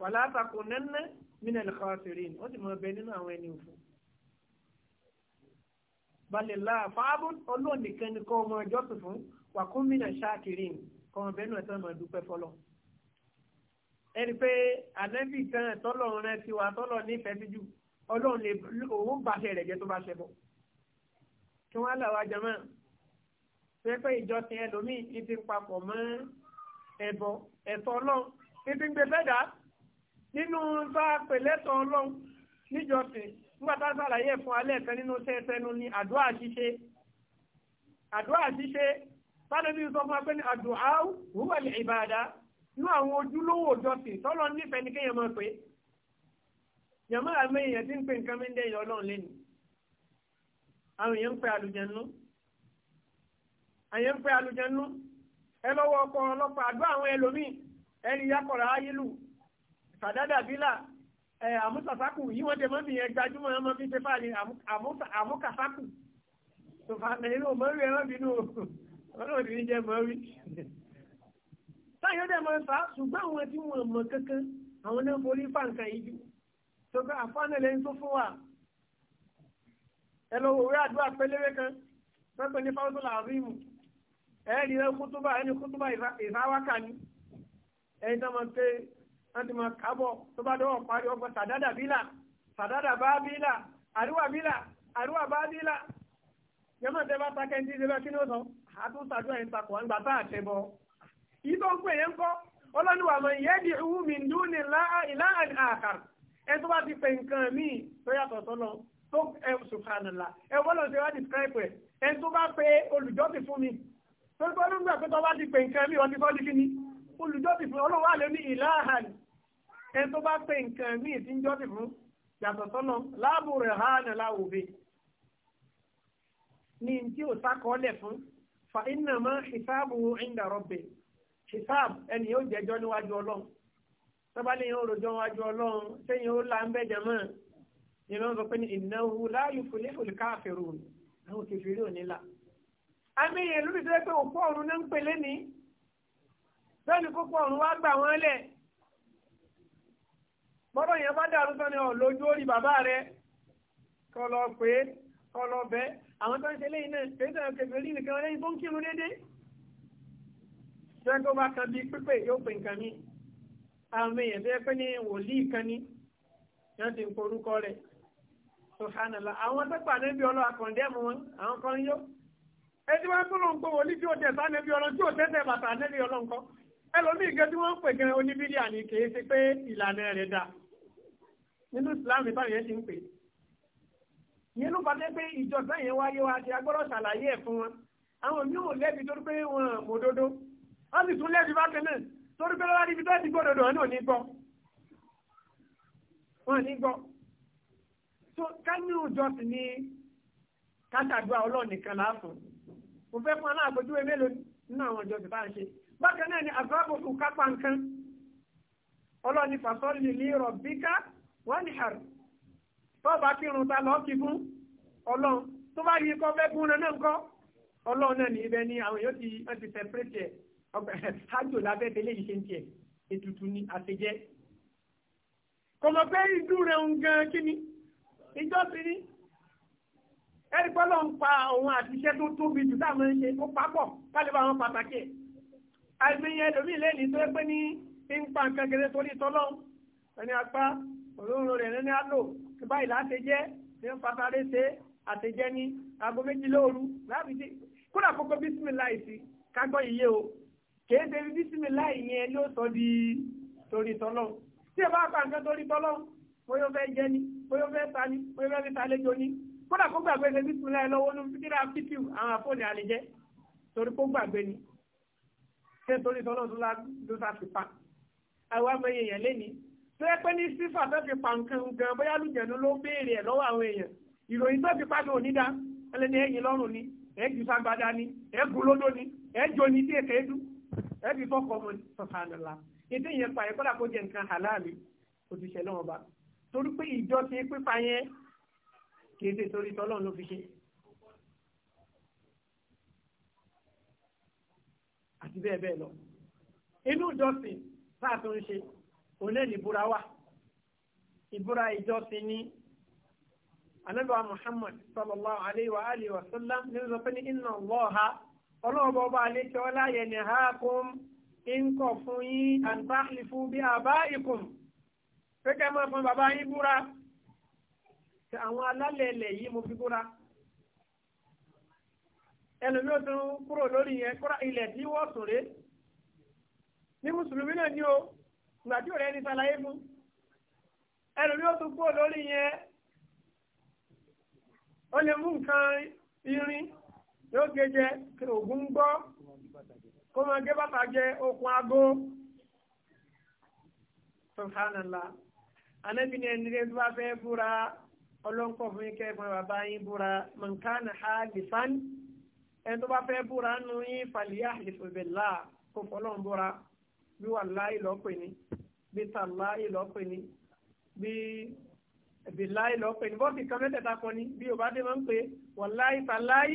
wàlá takunanna min al-khasirin ó sì mọ ọbẹ̀ nínú àwọn ẹni òfò balẹ̀lá fáábùn ọlọ́ọ̀nìkan ni kọ́ ọmọ ẹjọ́ tuntun wàkúmínà shakirin kọ́ ọmọ ẹbẹ̀ nínú ẹ̀tọ́ ọmọ ẹni pé ànábì kan tọ́lọ́run rẹ ti wà tọ́lọ́ nífẹ̀ẹ́ sí jù ọlọ́run lè òun bàṣẹ rẹ̀ jẹ́ tó bá ṣẹbọ kí wọ́n là wá jama pẹ́pẹ́ ìjọsìn ẹlòmíì ní ti papọ̀ mọ́ ẹbọ ẹ̀tọ́ ọlọ́run ní ti ń gbé fẹ́dà nínú bá pẹ̀lẹ́tọ̀ ọlọ́run níjọsìn nígbà tá a ṣàlàyé fún alẹ́ kan nínú tẹ́tẹ́nu ni àdúrà ṣíṣe àdúrà ṣíṣe bá lóbi sọ fún wa pé ní àdúrà wúwà ní ìbádà inú àwọn ojúlówó òjọsìn tọ́lọ nífẹ̀ẹ́ ní kéèyàn máa pè é yàmọ́ àmọ́ èèyàn tí ń pè nǹkan mi ń dẹ́yìn ọlọ́run lẹ́nu àwọn èèyàn ń pè àlùjẹnú àyẹ̀ ń pè àlùjẹnú ẹ lọ́wọ́ ọkọ̀ ọlọ́pàá àdó àwọn ẹlòmíì ẹni yakọ̀rọ̀ ayélu fàdádà bílà ẹ àmúsàsákù yìí wọ́n tẹ mọ́ bìyẹn gbajúmọ̀ ẹ mọ́ fi ṣe fáàlì àmúkàsákù tòfàmẹ́lò mọ́rí ẹ mọ́ bínú ọlọ́run ti ní jẹ́ mọ́rí táyọ̀ dẹ̀ máa ń ta ṣùgbọ́n àwọn tí wọ́n mọ̀ kankan àwọn náà borí fáǹkà yìí jù sọ́kọ́ àfánàlẹ́ tó fún wa ẹlọ òwe àdúrà péléré kan pẹ́pẹ́ ní fáwọ́sọ́lá àríìmù ẹ̀ẹ́dì rẹ kútúbà ẹni kútúbà ìfáwákà ni ẹni tó máa pé wọ́n ti máa kábọ̀ tó bá dọ́wọ́ parí ọgbọ́n sàdádà bílà sàdádà bá bílà àríwá bílà àríwá bá bílà yẹ́mọ̀ tẹ́ bá takẹ́ńtì ṣe bá kí ó sọ àtúntàdúrà ìtakùn àgbà tá àtẹ́bọ̀ yìí tó ń pè yẹn ń kọ́ ọlọ́niwà mọ̀ ìyẹ́ di ìwú mi ń dún ní láàrín àkàr ẹ tó bá ti pè nǹkan míì tó yàtọ̀ sọ́nà tó ẹ subhanallah ẹ wọ́lọ̀ ṣe wá describe ẹ ẹ tó bá pe olùjọ́sìn fún mi tó kọ́ ló ń gbà pé tó bá ti pè nǹkan míì wọ́n ti kọ́ di kíni olùjọ́sìn fún ọlọ́wà lé ní ìlàhàn ẹ tó bá pe nǹkan míì tí ń jọ́sìn fún yàtọ̀ sọ́nà láàbù hàn láwùbí ní tí ò sákọ́ọ́lẹ̀ fún fa innama hisabuhu inda rabbi hisab ẹni yóò jẹjọ́ níwájú ọlọ́run tọ́ba lè yàn òròjọ́ níwájú ọlọ́run sẹ́yìn ó la ń bẹ́ jẹ mọ́ ni wọ́n sọ pé ní ìnáwó láàyò fúlé olùkáàfẹ́rù àwọn kẹfìrí ò ní la. àmì ìlú mi sọ pé òkú ọ̀run náà ń pè lẹ́ni bẹ́ẹ̀ni kókó ọ̀run wá gbà wọ́n lẹ̀ gbọ́dọ̀ yẹn bá dàrú sọ ni ọ̀ lójú orí bàbá rẹ kọ́ lọ pé kọ́ lọ bẹ́ àwọn tó ń ṣe lẹ́yìn náà kẹ́sàn-án kẹfìrí nìkan lẹ́yìn tó ń kírun déédéé jẹ́ tó bá kan bí pípé yóò pè nǹkan mi àwọn èèyàn tó yẹ pé ní wòlíì kan ní yọ́n ti ń porúkọ rẹ̀ sọ̀hánàlá àwọn tó pàdé bí ọlọ́ àkàndẹ́mù wọn àwọn kan yó ẹtí wọn tó ló ń pè wòlíì tí ó tẹ̀ sáà nẹ́bí ọlọ́ tí ó tẹ́tẹ̀ bàtà nẹ́bí ọlọ́ nǹkan ẹlòmíì gẹ́ tí wọ́n ń pè gan oníbílíà ni kì í ṣe pé ìlànà rẹ̀ dà nínú ìsìláàmù táwọn yẹn ti ń pè yẹn ló fàdé pé ìjọsìn yẹn wáyé wá ti agbọ́dọ̀ ṣàlàyé ẹ̀ fún wọn àwọn mí ó sì tún lẹ́bi bákan náà torí pé lọ́wọ́ níbi tó ti gbọ́dọ̀ dọ̀ náà ní gbọ́ wọn ní gbọ́ so kánú jọ́sìn ní kátàdúrà ọlọ́run nìkan láàfún mo fẹ́ fún aláàpẹjúwe mélòó nínú àwọn jọ́sìn bá ń ṣe bákan náà ni àgbàbòkù kápá nǹkan ọlọ́run ní fàṣọ́lì ní rọ̀bíkà wọ́n ní àrùn tó bá kírun ta lọ́ọ́ kí fún ọlọ́run tó bá yí kọ́ fẹ́ gún náà nǹkan ọlọ́run náà ní ibẹ̀ ni àwọn yóò ti separate ẹ̀ hajj lábẹ́ tẹ́lẹ̀ yìí ṣe ń tiẹ̀ ètùtù ni àṣejẹ́ kọmọ pé ìdú rẹ̀ ń gan kíni ìjọsìn ni ẹ̀rí pọ́lọ́ ń pa òun àtiṣẹ́ tó tóbi jù táwọn ń ṣe ó papọ̀ kálíbà wọn pàtàkì ẹ̀ àìmọye ẹlòmíì lẹ́yìn tó pé ní ń pa nǹkan gẹ́gẹ́ torí tọ́lọ́ ẹni apá òróǹro rẹ̀ lẹ́ni àlò báyìí láṣejẹ́ ní fatare ṣe àṣejẹ́ ní aago méjì lóru láàbí kódà kókó bísímìláì sí kágbọ́ iye o kìí ṣe bísímì láì yẹn ló sọ di torí tọ́lọ́ tí ẹ bá pa nǹkan torí tọ́lọ́ bóyá fẹ́ jẹ ni bóyá fẹ́ ta ni bóyá fẹ́ fi ta lẹ́jọ ni kódà kó gbàgbé ṣe bísímì láì lọ́wọ́ ní fídíra fífíù àwọn àfọ̀nì àlejẹ́ torí kó gbàgbé ni ṣé torí tọ́lọ́ ló sá fi pa àwọn amẹyẹ yẹn lẹ́ni tó yẹ pé ní sífà tó fi pa nǹkan gan bóyá lùjẹ̀nu ló béèrè ẹ̀ lọ́wọ́ àwọn èèyàn ìròyìn tó fi pàdé ònídàá ẹlẹ́ni ẹ̀yìn lọ́rùn ni ẹ̀ẹ́gùn sagbada ni ẹ̀ẹ́gùn lódó ni ẹ̀ẹ́jọ ni tí èkè dùn ẹbí fọkọ mọ sọfàdàlà ètò ìyẹn pa ẹ̀kọ́ làkó jẹ nǹkan halali kò ti ṣẹlẹ̀ ọba torí pé ìjọ ti pípa yẹn kì í ṣe torí tọ́lọ́run ló fi ṣe. àti bẹ́ẹ̀ bẹ́ẹ̀ lọ inú ìjọsìn tá a tún ṣe òun náà ní ìbúra wà ìbúra ìjọsìn ní anábàá Muhammad sallallahu alayhi wa alihi wa sallam ní sọ pé inna Allaha. ọlọ́run ọba àlejò ọláyẹ ní haakum ńkọ̀ fún yín àǹbáhìlìfù bí àbá ikùn gẹ́gẹ́ mọ́ fún bàbá yín búra tí àwọn alálẹ̀ẹ̀lẹ̀ yìí mo fi búra ẹlòmí ò tún kúrò lórí yẹn kúrò ilẹ̀ tí wọ́n o ìgbà tí òrẹ́ ní sàlàyé fún tún kúrò lórí yẹn ó lè yóò gé jẹ ògùn ń gbọ́ kó máa gé bàtà jẹ okùn ago subhanallah anabi ní ẹni tó bá fẹ́ búra ọlọ́nkọ̀ fún ike fún bàbá yín búra mọ̀nkánà ha lìfán ẹni tó bá fẹ́ búra nù yín fàlíyà ìfòbẹ̀lá kò fọlọ́n búra bí wàláì lọ́pẹ̀ ni bí tàláì lọ́pẹ̀ ni bí bìláì lọ́pẹ̀ ni bọ́ọ̀bì kan mẹ́tẹ̀ẹ̀ta kan ni bí yorùbá dé máa ń pè wàláì tàláì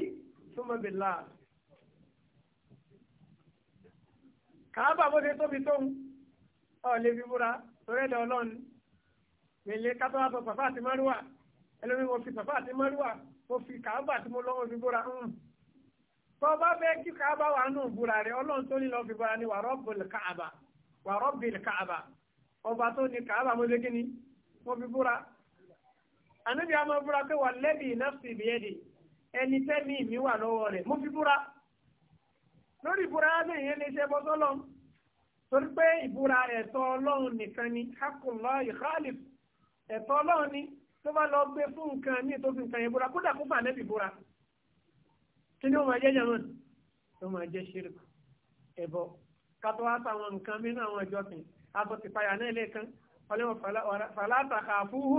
súnmọ́ bìlá kàábà bó ṣe tóbi tóun ọ̀ lè fi búra torí ẹ̀dọ̀ ọlọ́run mèlè kátó wá sọ pàpà àti márùwà ẹlòmí mo fi pàpà àti márùwà mo fi kàábà tí mo lọ́wọ́ fi búra hàn hmm. tó bá fẹ́ kí kàábà wà nù búra rẹ̀ ọlọ́run tó ní lọ́ọ́ fi búra ni wà rọ́bìlì kàábà wà rọ́bìlì kàábà ọba tó ní kàábà mo ṣe kí ni mo fi búra àníbi àmọ́ búra pé wà lẹ́bi nafsi bìyẹ́dì ẹni tẹ́mi mi wà lọ́wọ́ rẹ̀ mo fi búra lórí ìbúra lèyìn lè ṣe bọ́ sọ́lọ́ torí pé ìbúra ẹ̀tọ́ ọlọ́run nìkan ni akùnlọ́ ìkọ́lì ẹ̀tọ́ ọlọ́run ni tó bá lọ gbé fún nǹkan ní tó fi nǹkan yẹn búra kódà kó fàánẹ́ bí búra kí ni ó máa jẹ́ jẹ́mọ́n ó máa jẹ́ ṣírìkù ẹ̀bọ kátó wá sáwọn nǹkan mìíràn àwọn ìjọsìn aṣọ ti payà náà lẹ́ẹ̀kan ọlẹ́wọ̀n fàlátà kàfúhú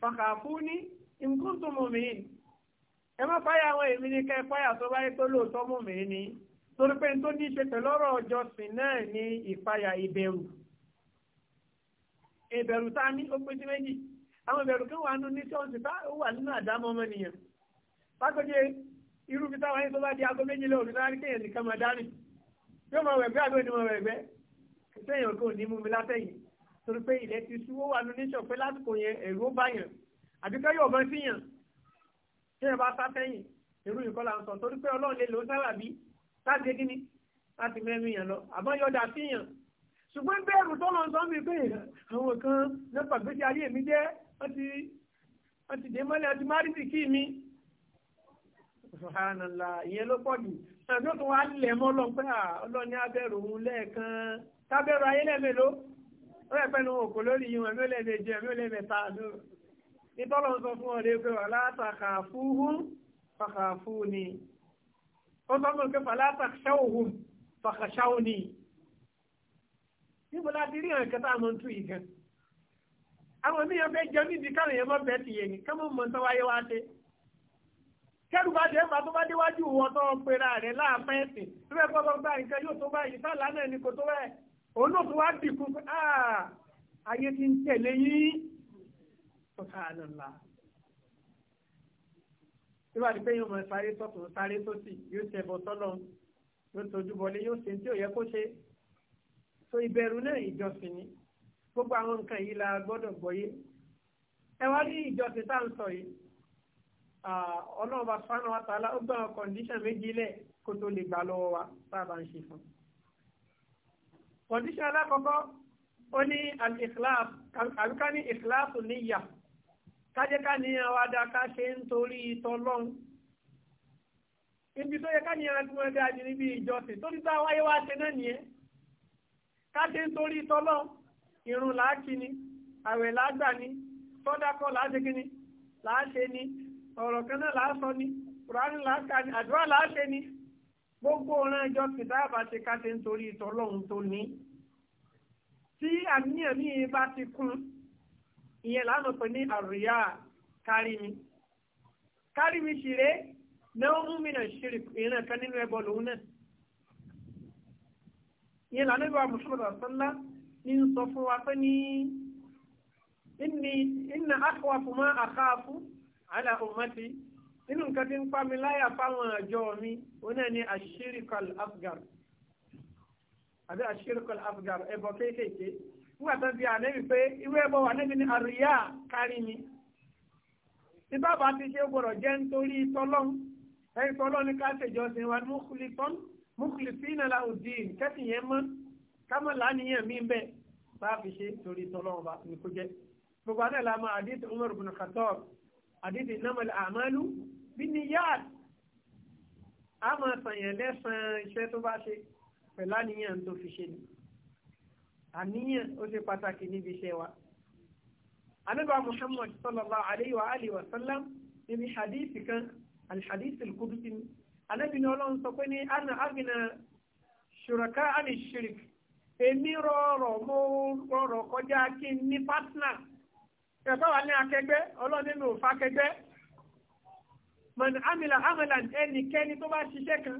fàkàfú ní nǹkan tó mọ̀ mìíràn ẹ má fáyà àwọn èmi ní kẹ́ fáyà tó bá yẹ pé lóòótọ́ mú mi ni torí pé tó ní í ṣe pẹ̀lú ọ̀rọ̀ ọjọ́sìn náà ní ìfáyà ìbẹ̀rù ìbẹ̀rù tá a ní ó pé sí méjì àwọn ìbẹ̀rù kan wà nínú níṣọ́ọ̀sì tá ó wà nínú àdámọ́ ọmọnìyàn pákòjé irú fi táwọn ayé tó bá di aago méjìlá òru tá a rí kéèyàn nìkan máa dání yóò máa wẹ̀gbẹ́ àbí ni máa wẹ̀gbẹ́ kéèyàn kò ní mú mi látẹ̀yìn torí pé ilẹ̀ ti sú ó wà nínú níṣọ̀ pé lásìkò yẹn ẹ̀rù ó báyàn àbíkẹ́ yóò bọ́ síyàn tí ẹ bá sá sẹ́yìn irú nǹkan là ń sọ torí pé ọlọ́run lè lò ó sábà láti kí ni láti mẹ́rin yàn lọ àmọ́ yọ̀dà sí yàn ṣùgbọ́n bẹ́ẹ̀rù tó lọ sọ mi pé àwọn kan nípa gbèsè ayé mi jẹ́ wọ́n ti dé mọ́lẹ̀ ọtí márìsì kí mi subhanallah ìyẹn ló pọ̀ jù ẹ̀dọ́ tó wá lẹ̀ mọ́ lọ pé ọlọ́ni abẹ́rù òun lẹ́ẹ̀kan tábẹ́rù ayé lẹ́ẹ̀mẹ́lò ó rẹ̀ pẹ́ nu òkò lórí yìí wọn mi ò lẹ́ẹ̀mẹ́jẹ mi ò lẹ́ẹ̀mẹ́ta ìtọ́lọ̀ sọ fún ọ̀rẹ́ pé wà látàkà fúhùn fàkà fún ni ó sọ fún pé fàlátàkà ṣáwùhùn fàkà ṣáwù ni níbo láti rí ọ̀kẹ́ tá a mọ̀ ń tú ìgàn àwọn míyàn fẹ́ jẹun níbi káwọn èèyàn mọ̀ bẹ́ẹ̀ ti yẹ ni káwọn mọ̀ ń tọ́ wáyé wá dé kẹ́rù bá dé bá tó bá déwájú wọn tó ń pera rẹ̀ láàfin ẹ̀sìn tó bẹ́ẹ̀ bọ́ bá nǹkan yóò tó báyìí sálà náà ni kò tó bẹ́ẹ̀ òun náà tó wá dìkú ayé ti ń tẹ̀lé yín. Subhanallah nígbà tí pé yóò máa sáré sọ́tún sáré sósì yóò tẹ bọ sọ́lọ́ yóò tójú bọlé yóò ṣe tí ò yẹ kó ṣe so ìbẹ̀rù náà ìjọsìn ni gbogbo àwọn nǹkan yìí la gbọ́dọ̀ gbọ́yé ẹ wá rí ìjọsìn tá à ń sọ yìí ọlọ́run bá sọ́nà wa tààlà ó gbọ́n kọ̀ǹdíṣàn méjì lẹ̀ kó tó lè gbà lọ́wọ́ wa tá a bá ń ṣe fún. kọ̀ǹdíṣàn alákọ̀ọ́kọ́ ó ní al-ikhlas àbíká ní ikhlasu níyà kájẹ́ká ní àwọn adaka ṣe ń torí tọlọ́n ibi tó yẹ ká ní àwọn ẹgbẹ́ ajé níbi ìjọsìn torí bá wáyé wá ṣe náà nìyẹn ká ṣe ń torí tọlọ́n irun làákì ni àwẹ̀ làágbà ni sọ́dákọ́ làáṣe kí ni làáṣe ni ọ̀rọ̀ kan náà làásọ ni kùránì làákà ni àdúrà làáṣe ni gbogbo ọ̀ràn ìjọsìn dáàbà ṣe ká ṣe ń torí tọlọ́n tó ní tí àníyàn ní ibà ti kún un ìyẹn láàmú pé ní àríyá kárí mi kárí mi sì rèé náà mú mi náà ṣírí ìran kan nínú ẹbọ lòun náà ìyẹn lànà ìwà mùsùlùmí àṣálá ní ń sọ fún wa pé ní inna akhwafu ma akhafu ala ummati nínú nǹkan tí ń pa mi láyà fáwọn àjọ mi òun náà ni ashirikal afgar àbí ashirikal afgar ẹbọ kéékèèké nígbà tó di ànẹ́bí pé irú ẹbọ wà níbi ní àríyá kárí ni tí bàbá ti ṣe gbọdọ̀ jẹ́ nítorí tọ́lọ́ ẹ̀yìn tọ́lọ́ ní ká ṣèjọsìn wa mùkùlìfínà la òdì kẹ́sì yẹn mọ́ kámọ́ lánìyàn mí bẹ́ẹ̀ bá fi ṣe torí tọ́lọ́ ọba ní kó jẹ́ gbogbo àná la máa àdìsí Umar bin Khattab àdìsí namal a'malu bin niyyat a máa sàn yẹn lẹ́sàn-án iṣẹ́ tó bá ṣe pẹ̀lú àníyàn tó fi ṣe ni àníyàn ó ṣe pàtàkì níbi iṣẹ́ wa anábà muhammad sallallahu alayhi wa alihi wa sallam níbi hadithi kan alhadithi alkudusi anábì ní ọlọ́run sọ pé ní ana agina ṣùrọ̀ká àni ṣìrìkì èmi rọrọ̀ mo rọrọ̀ kọjá kí n ní pátínà ẹ̀fọ́ wa ní akẹgbẹ́ ọlọ́run nínú òfa akẹgbẹ́ mọ̀nà amìlà amìlà ẹnikẹ́ni tó bá ṣiṣẹ́ kan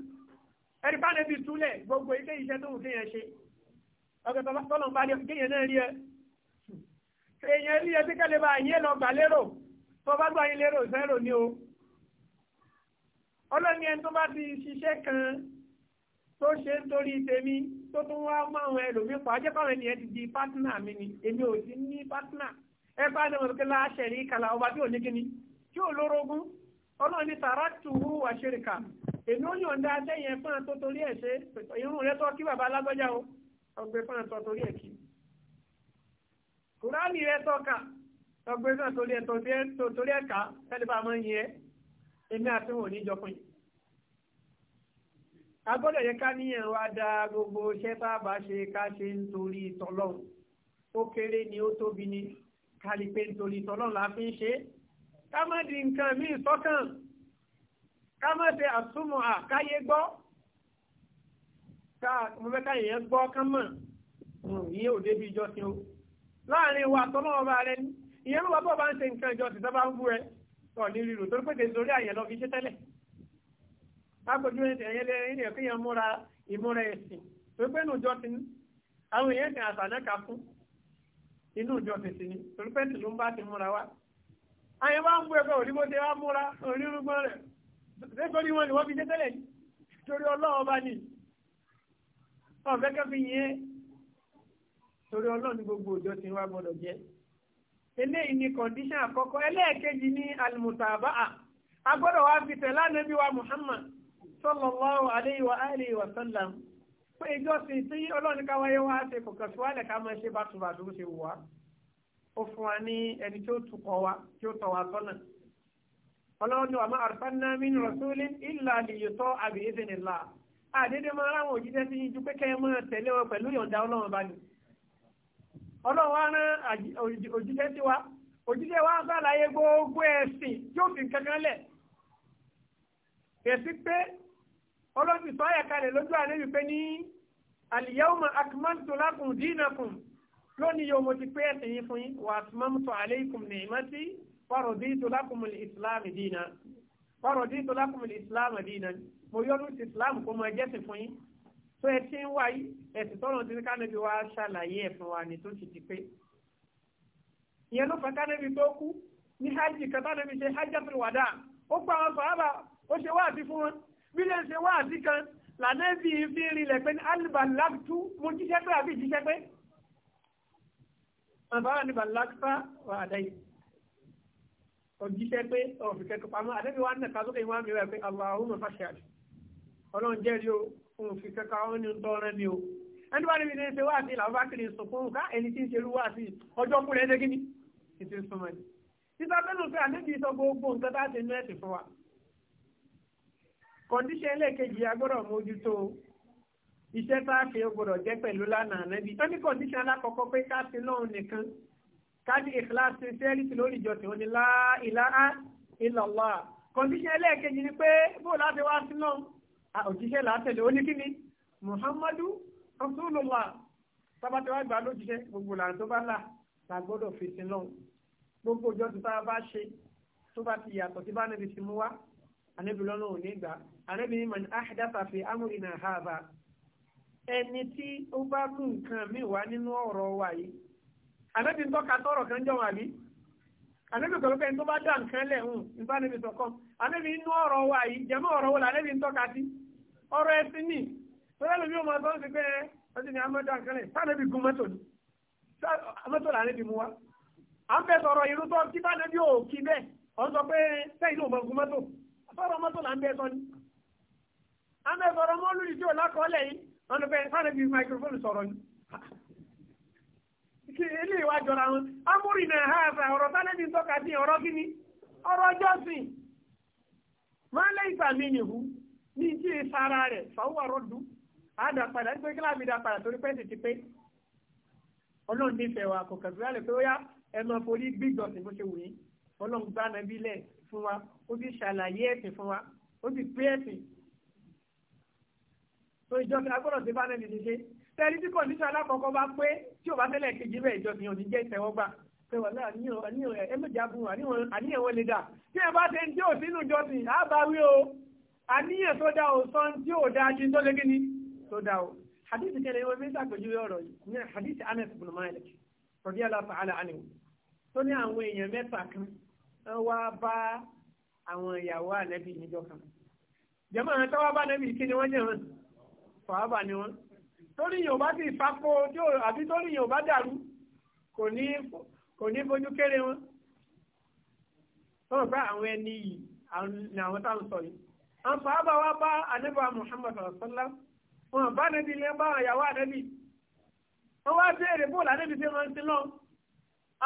ẹ̀rí bá níbi túlẹ̀ gbogbo ilé iṣẹ́ tó wù kéèyàn ṣe ọ̀gẹ̀ tọ́lọ̀ ń bá ní kéèyàn náà rí ẹ èèyàn rí ẹ tí kẹ́lẹ́ bá yé tó bá gbà yín lérò zero ni o ọlọ́ni ẹni tó bá ti ṣiṣẹ́ kan tó ṣe ń torí tèmi tó tún wá máwọn ẹlòmíín pa di pátínà mi ni èmi ò sí ní pátínà ẹ bá ní wọn kíkẹ́ láṣẹ rí kàlà ọba tí ò ní kíni tí ò lórogún ọlọ́ni tààrà tùwú wàṣẹ̀ríkà èmi ó yọ̀ǹda sẹ́yìn ẹ̀fọ́n tó torí ẹ̀ ṣe irun kí bàbá alágbọ́já o ọgbẹ́ fún ẹ̀tọ́ torí ẹ̀ kí kùránì rẹ tọ́ka ọgbẹ́ náà torí ẹ̀ torí ẹ̀ka tẹ́lẹ̀ bá máa ń yẹ èmi àti wọn ò ní jọkùn yìí a gbọ́dọ̀ yẹ ká níyàn wá da gbogbo iṣẹ́ tá a bá ṣe ká ṣe nítorí tọlọ́run ó kéré ni ó tóbi ni ká lè pé nítorí la fi ń ṣe ká má di nǹkan míì sọ́kàn ká má ṣe àtúmọ̀ àkáyé gbọ́ káà mo fẹ́ káyìn yẹn gbọ́ kán mọ̀ hmm, ìyẹn ò débi ìjọ sí o láàrin wa tọ́lọ́ ọba rẹ ní ìyẹn ló wà bọ́ bá ń ṣe nǹkan ìjọ sí sábà ń bú rẹ tọ̀ ní rírò tó pété sórí àyẹ̀ lọ fi ṣe tẹ́lẹ̀ lápòjú ẹ̀yẹ lẹ́yìn ẹ̀kọ́ yẹn múra ìmúra ẹ̀sìn tó pé nù ìjọ sí ní àwọn èèyàn ti àṣà náà fún inú ìjọ tètè ni torí pẹ́ẹ́tì ló ń bá ti múra wá àyẹ̀ wá ń bú ẹgbẹ́ òdìbò tẹ wá múra onírúgbọ́n rẹ̀ nítorí wọn ni wọ́n fi ṣe tẹ́lẹ̀ torí ọlọ́run bá ní ọ̀fẹ́ kẹfì yẹn torí ọlọ́run gbogbo òjò ti wá gbọ́dọ̀ jẹ́ eléyìí ni kọ̀ǹdíṣàn àkọ́kọ́ ẹlẹ́ẹ̀kejì ní alimusaba a gbọ́dọ̀ wá fi tẹ̀lé ànábì wa Muhammad sallallahu alayhi wa alihi wa sallam pé ìjọsìn tí ọlọ́run ká wáyé wá ṣe kò kàn wálẹ̀ ká máa ṣe bàtúbàtú ṣe wù ó fún wa ní ẹni tí tukọ̀ wa tí ó tọ̀ wá sọ́nà ọlọ́run ni wa ma arsalna min rasulin illa liyuta bi idhnillah àdédé máa ráwọn òjíṣẹ́ sí ju pé kẹ́ máa tẹ̀lé wọn pẹ̀lú ìyọ̀ǹda ọlọ́run bá ní ọlọ́run wá rán òjíṣẹ́ sí wa òjíṣẹ́ wa sàlàyé gbogbo ẹ̀sìn tí ó fi kankan lẹ̀ ẹ̀sìn pé ọlọ́sìn sọ ayẹ̀ka rẹ̀ lójú àlejò pé ní al-yawma akmaltu lakum lónìí yóò mo ti pé ẹ̀sìn yín fún yín wa atmamtu alaykum ni'mati wa raditu lakum al-islam dinan wa raditu lakum al-islam dinan ni mo yọ́nú sí islam kó mọ ẹjẹ́ sì fún yín tó ẹ ti ń wá yí ẹ̀sìn tọ́lọ̀ ti ní kánẹ́bí wa ṣàlàyé ẹ̀ fún wa ní tó ti di pé ìyẹn ló fẹ́ kánẹ́bí tó kú ní hajj kátánẹ́bí ṣe hajjatul wada ó gba àwọn sọ̀hábà ó ṣe wáàsí fún wọn bí lè ṣe wáàsí kan lànẹ́bí fi ń rinlẹ̀ pé alibalaktu mo jíṣẹ́ pé àbí jíṣẹ́ pé àbára ní wà àdáyé òjíṣẹ́ pé ọ̀fìkẹ́kọ̀ pamọ́ àdébíwá ń nà kásókè wọn mi rẹ̀ pé Allahumma fashhad ọlọ́run jẹ́rìí o òun fi kankan ó ní tọ́rẹ́ mi o ẹni bá níbi ní ṣe wá sí làwọn bá kiri sọ fún un ká ẹni tí ń ṣerú wá sí ọjọ́ kúrẹ́ ẹni kíní ètò ìsúnmọ́ ni títà fẹ́nu fẹ́ àníbi sọ gbogbo nǹkan tá a ṣe nú ẹ̀sìn fún wa kọ̀ǹdíṣẹ́ ẹlẹ́ẹ̀kejì agbọ́dọ̀ mójútó iṣẹ́ tá a fi gbọ́dọ̀ jẹ́ pẹ̀lú lánàá nẹ́bí ó ní kọ̀ǹdíṣẹ́ alákọ̀ọ́kọ́ pé ká sí lọ́run nìkan ká ní ìkíláàsì sẹ́ẹ̀lìtì lórí ìjọsìn òní láìláà ìlàlá kọ̀ǹdíṣẹ́ ẹlẹ́ẹ̀kejì ni pé òjíṣẹ́ látẹ̀lé oníkíní muhammadu rasulullah tábàtẹ́wà gbà lójíṣẹ́ gbogbo làǹ tó bá là la gbọ́dọ̀ fèsì náà gbogbo ọjọ́ tó bá bá ṣe tó bá ti yàtọ̀ tí bá níbi ti mú wá àníbi lọ́nà ò ní gbà àníbi ní man ahdatha fi amrina hadha ẹni tí ó bá mú nǹkan mi wá nínú ọ̀rọ̀ wa yìí àníbi ń tọ́ka tọ́rọ̀ kan jọ̀ wà bí àníbi kọ̀ lókè tó bá dá nǹkan lẹ̀ hùn nípa níbi sọ̀kọ́ inú ọ̀rọ̀ wa yìí jẹ́mọ́ ọ̀rọ̀ wo làníbi ń tọ́ka sí ọ̀rọ̀ ẹ̀sìn ni tọ́lá lómi ò máa tọ́ sí pé ọtí ni amọ́tò àkàlẹ̀ sáà bí gun mọ́tò ni mọ́tò là ń bí mu wa à ń bẹ sọ̀rọ̀ irú tó kí bá nàbí ò kí bẹ́ẹ̀ ọ̀n sọ pé sẹ́yìn ló mọ̀ gun mọ́tò sọ̀rọ̀ mọ́tò là ń bẹ sọ ni à ń bẹ sọ̀rọ̀ mọ́lúdì tí ò lákọọ́lẹ̀ yìí ọ̀n bẹ sáà bí microphone sọ̀rọ̀ ni kí ilé ìwà jọra wọn amúrì náà ha àfà ọ̀rọ̀ tánẹ́bí tọ́ka sí ọ̀rọ̀ kíní ní tí ì sára rẹ̀ fàwọn àròdù àdàpadà nígbà kí láàbì dàpadà torí pẹ́ǹtì ti pé ọlọ́run nífẹ̀ẹ́ wa kò kàdúrà lálẹ́ pé ó yá ẹ máa forí gbígbọ̀n sí bó ṣe wù yín ọlọ́run gbá nàbí lẹ̀ fún wa ó sì ṣàlàyé ẹ̀sìn fún wa ó sì pé ẹ̀sìn tó ìjọsìn agbọ́dọ̀ sí bánẹ́ẹ̀lì ní ṣe tẹ́lí tí kọ̀ǹdíṣọ́ alákọ̀ọ́kọ́ bá pé tí ò bá tẹ́lẹ̀ kejì bẹ́ẹ̀ ìjọsìn ò ní jẹ́ ìtẹ́wọ́gbà pé wà láàrín àníyàn ẹ̀mẹ́jà bùn àníyàn wọlé dà tí ẹ bá ṣe ń tí ò ìjọsìn á o àníyàn tó dá o sọ tí ò dá ju tó lé kíni tó dá o hadith kẹlẹ ìwé mẹ́ta gbẹjú ọ̀rọ̀ yìí ní hadith anas bin malik rọdí aláfa ala aniwu tó ní àwọn èèyàn mẹ́ta kan wá bá àwọn ìyàwó ànẹbí níjọ́ kan jẹmọ àwọn tọwọ bá ànẹbí kí ni wọn jẹ wọn fọwọbà ni wọn torí yóò bá ti fapò tí ò àbí torí yóò bá dàrú kò ní fojú kéré wọn tó ń bá àwọn ẹni yìí àwọn táwọn sọ yìí àwọn sàábà wá bá ànábà Muhammad sallá wọn bá nẹbi ilé bá àyàwó ànẹbi wọn wá béèrè bóòlù ànẹbi tí wọn ti lọ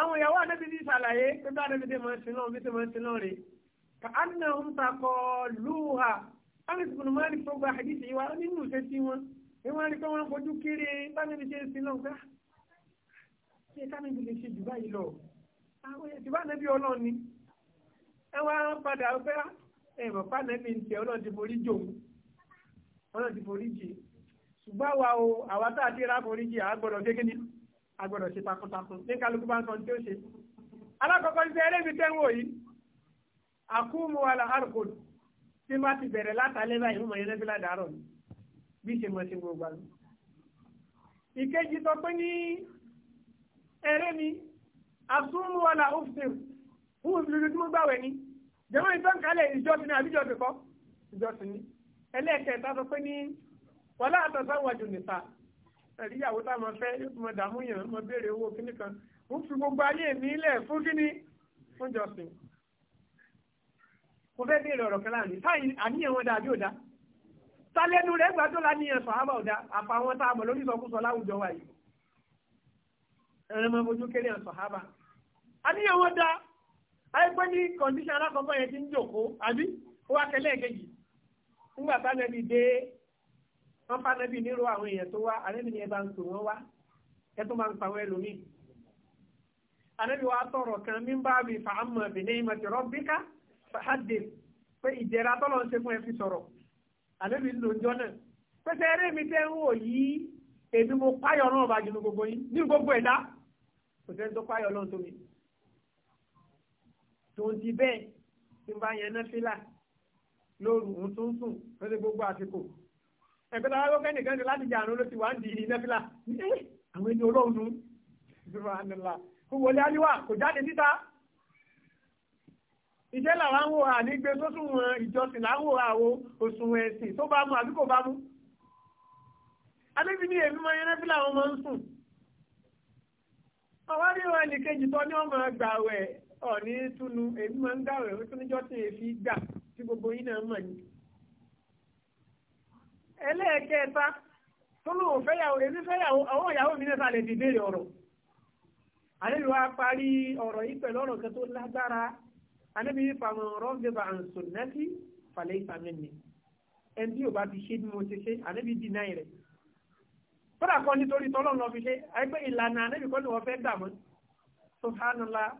àwọn ìyàwó ànẹbi ti ṣàlàyé pé bá ànẹbi tí wọn ti lọ bí tí wọn ti lọ rè kà á nà ń takọ lùhà àwọn ìsìnkú máa ń tó gba àdìsí wa nínú ìṣe tí wọn ni wọn rí pé wọn fojú kéré bá ànẹbi tí wọn ti lọ gbá ṣé káàmì lè ṣe jù báyìí lọ àwọn ah, ìyàtí bá ànẹbi Ọlọ́run ni ẹ wá padà pé ẹ̀mọ̀ pàdánù ní tiẹ̀ ọlọ́run ti forí jò ọlọ́run ti forí jì ṣùgbọ́n wa o àwa tá a ti rà forí jì àá gbọ́dọ̀ gẹ́gẹ́ ni a gbọ́dọ̀ ṣe takuntakun ní kálukú bá ń sọ ní tí ó ṣe. alákọ̀ọ́kọ́ ṣe ẹlẹ́bi tẹ́wọ̀ yìí àkúmu wàlà alukol tí wọ́n ti bẹ̀rẹ̀ látàlẹ́ báyìí mo mọ̀ yẹn lẹ́bi ládàárọ̀ bí ṣe mọ̀ sí gbogbo àná. ìkejì sọ pé ní ẹrẹ́ mi wàlà òfìsè fún ìfìlú tí mo gbàwẹ̀ ni jẹ́wọ́n ìtọ́nkálẹ̀ ìjọsìn ní àbíjọ́ ti kọ́ ìjọsìn ní ẹlẹ́ẹ̀kẹta sọ pé ní wọlé àtọ̀sáwájú nìta ẹ̀ríyàwó táwọn fẹ́ yóò tún mọ dààmú yàn mọ béèrè owó kíní kan ó fi gbogbo ayé mi lẹ̀ fún kíní fún jọsìn mo fẹ́ béèrè ọ̀rọ̀ kan láàrin táyì àníyàn wọn dàbí òdá tálẹ́nu rẹ̀ gbàdó láníyàn sọ̀hábà òdá àfàwọn tá a mọ̀ lórí ìsọkúsọ láwùjọ wa ẹ̀rọ àìpẹ́ ní kọ̀ǹdíṣàn alákọ̀ọ́bọ̀ yẹn ti ń jòkó àbí ó wá tẹ́lẹ̀ kejì ńgbà tánẹ́bì dé wọ́n fánẹ́bì nírò àwọn èèyàn tó wá àrẹ́bì ni ẹ bá ń pè wọ́n wá ẹ tó máa ń pa ẹlòmíì àrẹ́bì wa tọrọ kan mí bá mi fà á mọ̀ bìnní ìmọ̀ tẹ̀rọ bíkà fàádé pé ìdẹ̀ra tọ́lọ̀ ń ṣe fún ẹ fi sọ̀rọ̀ àrẹ́bì ló ń jọ náà pẹ́sẹ́ eré mi tẹ́ tó ń di bẹ́ẹ̀ tí n bá yẹn náfìlà lóru ń tún sùn lórí gbogbo àsìkò ẹgbẹ́ tó wáyé kẹ́ni kan ti láti jà àrùn ló ti wá ń di náfìlà àwọn ẹni olóhùn nù dúró ànàlà kó wọlé aliwa kò jáde níta ìṣẹ́ làwọn wò hàn nígbé tó sùn wọn ìjọsìn láwọn àwo òsùn ẹ̀sìn tó bá mu àbí kò bá mu alébí ní èmi máa yẹn náfìlà wọn máa ń sùn àwọn rí wọn ẹnì kejì tó ní ọmọ gbàwẹ̀ ọ̀ní túnú èmi máa ń dáwọ̀ ẹ̀rọ tó níjọ́ tí èéfi gbà tí gbogbo yín náà mọ̀ ní. ẹlẹ́ẹ̀kẹta tó lóun fẹ́yàwó èmi fẹ́yàwó àwọn ìyàwó mi náà lè dìde ọ̀rọ̀ àlejò wa parí ọ̀rọ̀ yìí pẹ̀lú ọ̀rọ̀ kan tó lágbára àlejò yìí fàmọ̀ ọ̀rọ̀ gbẹ̀bà àǹsọ̀nẹ́tì fàlẹ́ ìfàmẹ́ni ẹni tí yóò bá ti ṣe ni mo ti ṣe àlejò dì náà rẹ̀ tọ́lá kan nítorí tọ́lọ́ lọ fi ṣe àìpé ìlànà àlejò kan ni wọ́n fẹ́ dà mọ́ subhanallah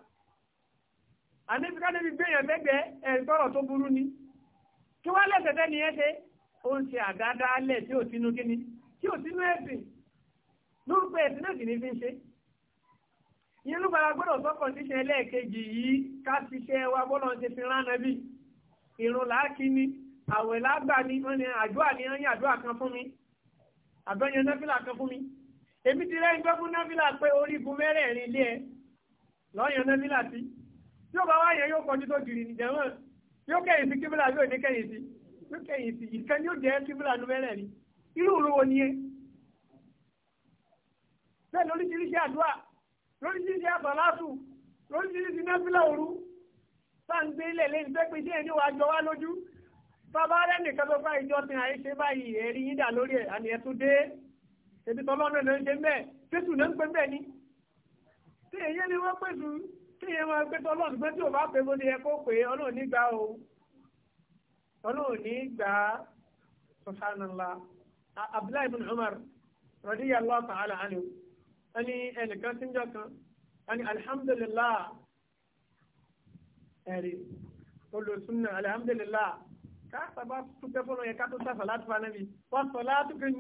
àní ti káde fi gbéyàn lẹ́gbẹ̀ẹ́ tó burú ni kí wọ́n lẹ́sẹ̀ tẹ́ni yẹn ṣe ó ń ṣe àdáadáalẹ̀ tí ò sínú kíni tí ò sínú ẹ̀sìn lórúkọ ẹ̀sìn náà sì ní fi ń ṣe yín ló gbára gbọ́dọ̀ sọ́kàn ṣíṣe ẹlẹ́ẹ̀kejì yìí ká ṣiṣẹ́ wa gbọ́dọ̀ ṣe fi rán nàbí ìrun làákì ni àwẹ̀ lágbà ni wọ́n ní àdúrà ni wọ́n ní àdúrà kan fún mi àbẹ̀yẹn náfìlà kan fún mi èmi ti rẹ́yìn gbọ́ fún náfìlà pé orígun mẹ́rẹ̀ẹ̀rin ilé ẹ lọ́yàn náfìlà sí i tí ó bá wá yẹ yóò kọjú tó jìrì nìjẹ́ wọn yóò kẹ́yìn sí kíbílà yóò ní kẹ́yìn sí yóò kẹ́yìn sí ìkan yóò jẹ́ kíbílà ló mẹ́rẹ̀ ni irú òru wo ni yẹ. bẹ́ẹ̀ lóríṣiríṣi àdúrà lóríṣiríṣi àbàlásù lóríṣiríṣi náfìlà òru tá à ń gbé ilẹ̀ lẹ́yìn pé pé sí ẹni wàá jọ wá lójú bàbá rẹ̀ nìkan tó bá ìjọ sin àyè ṣe báyìí ẹ̀rí yín dà lórí ẹ̀ àmì ẹ̀ tún dé ebi tọ́lọ́nà ló ń ṣe mẹ́ẹ̀ tẹ́sù ló ń pè mẹ́ẹ̀ ni tí èyí ni wọ́n pèsè kí ni ẹ máa gbé tọ́ lọ́nà tí ò bá pè mọ́ ni ẹ kó pè é ọlọ́run ní gbà o ọlọ́run ní gbà subhanallah abdullahi bin umar radiyallahu ta'ala anhu ẹni ẹnìkan tí ń jọ kan ẹni alhamdulillah ẹ̀rí olùsúnnà alhamdulillah káàbà túnbẹ́ fọ́nà yẹ ká tó sáfà láti fa nábi wọ́n sọ látúkẹ́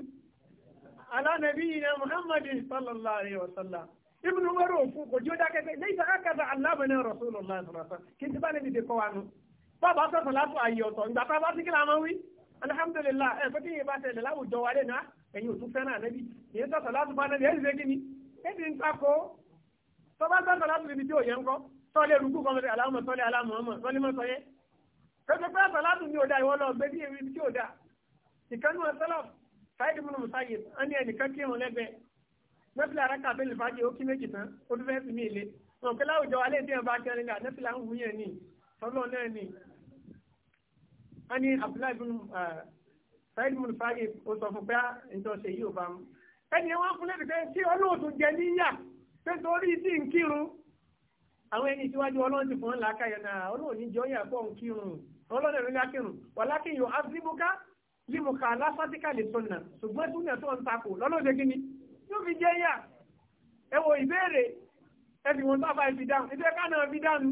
alánàbí yìí na muhammadin sallallahu alayhi wa sallam ibùdó mẹ́rin òfin kò jí ó dákẹ́ pé lẹ́yìn sáà kẹta aláàbò náà rọ̀ sóòlù ọ̀la ìsọ̀rọ̀ sọ kí n ti bá ní dìde kọ́ wa nu bàbá sọ̀tọ̀ látọ̀ ayé ọ̀tọ̀ ìgbà tá a bá ti kíra máa ń wí alihamudulilayi ẹ̀ fẹ́kí yẹn bá tẹ̀lé láwùjọ wa lẹ́nu ah, ẹ̀yin òtún fẹ́ràn ànábì yẹn sọ̀tọ̀ látọ̀ bá nàbì ẹ̀sìn kí ni ẹ̀sìn ń takò tọ́ba sọ̀tọ̀ látọ̀ níbi tí òye ń kọ́ tọ́lé rúkú kọ́mọdé aláwọ̀ tọ́lé aláwọ̀ ọmọ tọ́lé mọ́ sọ yẹn kẹ́kẹ́ pé sọ̀tọ̀ látọ̀ ní òdà ìwọ́n lọ gbé bí ewu tí òdà ìkànnì wọn sọ́lọ̀ sáyidì múnú nọ́fìlà rẹ̀ kàbí lè fàájì ó kí méjì tán ó tún fẹ́ fi mí ilé òkè láwùjọ wa léèdè ọba kẹrin ní ànọ́fìlà ń wú yẹn ní tọ́lọ́ náà ní. wọ́n ní Abdullahi bin ah, Said bin fàájì ó sọ fún pé ǹjọ́ ah, ṣe yí ò bá mu. ẹni wọn fún lẹ́bi pé tí olóòtú jẹ níyà pé torí sí ń kírun àwọn ẹni síwájú ọlọ́run ti fún làákàyọ̀ náà olóòní jọ yà pọ̀ ń kírun ọlọ́run tó fi jẹ́ yà ẹwọ ìbéèrè ẹbí wọn sábà ibi dáhùn ibi ẹ̀ka náà ibi dáhùn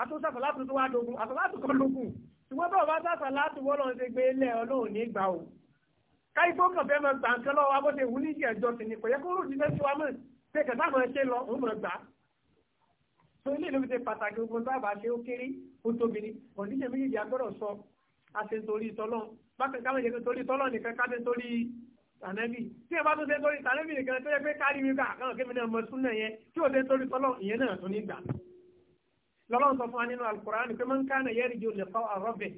àtúnṣàfà látò tó wá dogun àtàlátò kan lókun ṣùgbọ́n tó bá sàfà látò wọ́lọ́ ṣe gbé lẹ̀ ọlọ́run ní ìgbà o káyí gbọ́kàn fẹ́ máa gbà ń kẹ́lọ́ wa bó ṣe wù ní ìṣe ẹ̀jọ́ sí ni kò yẹ kó rò ti fẹ́ sí wa mọ̀ ṣe kẹta máa ṣe lọ òun máa gbà. tó ilé ìlú ṣe pàtàkì ogun sábà ṣe ó kéré ó tóbi ni kọ̀ǹdíṣẹ̀ méjì tànẹ́bì tí ẹ bá tó ṣe torí tànẹ́bì nìkan tó yẹ pé kárí mi ká àkàrà kébì náà mọ súnà yẹn tí ò ṣe torí tọ́lọ̀ ìyẹn náà tó ní gbà. lọ́lọ́run sọ fún wa nínú alukur'an pé máa ń kánà yẹ́rì ju lè fọ́ àrọ́bẹ̀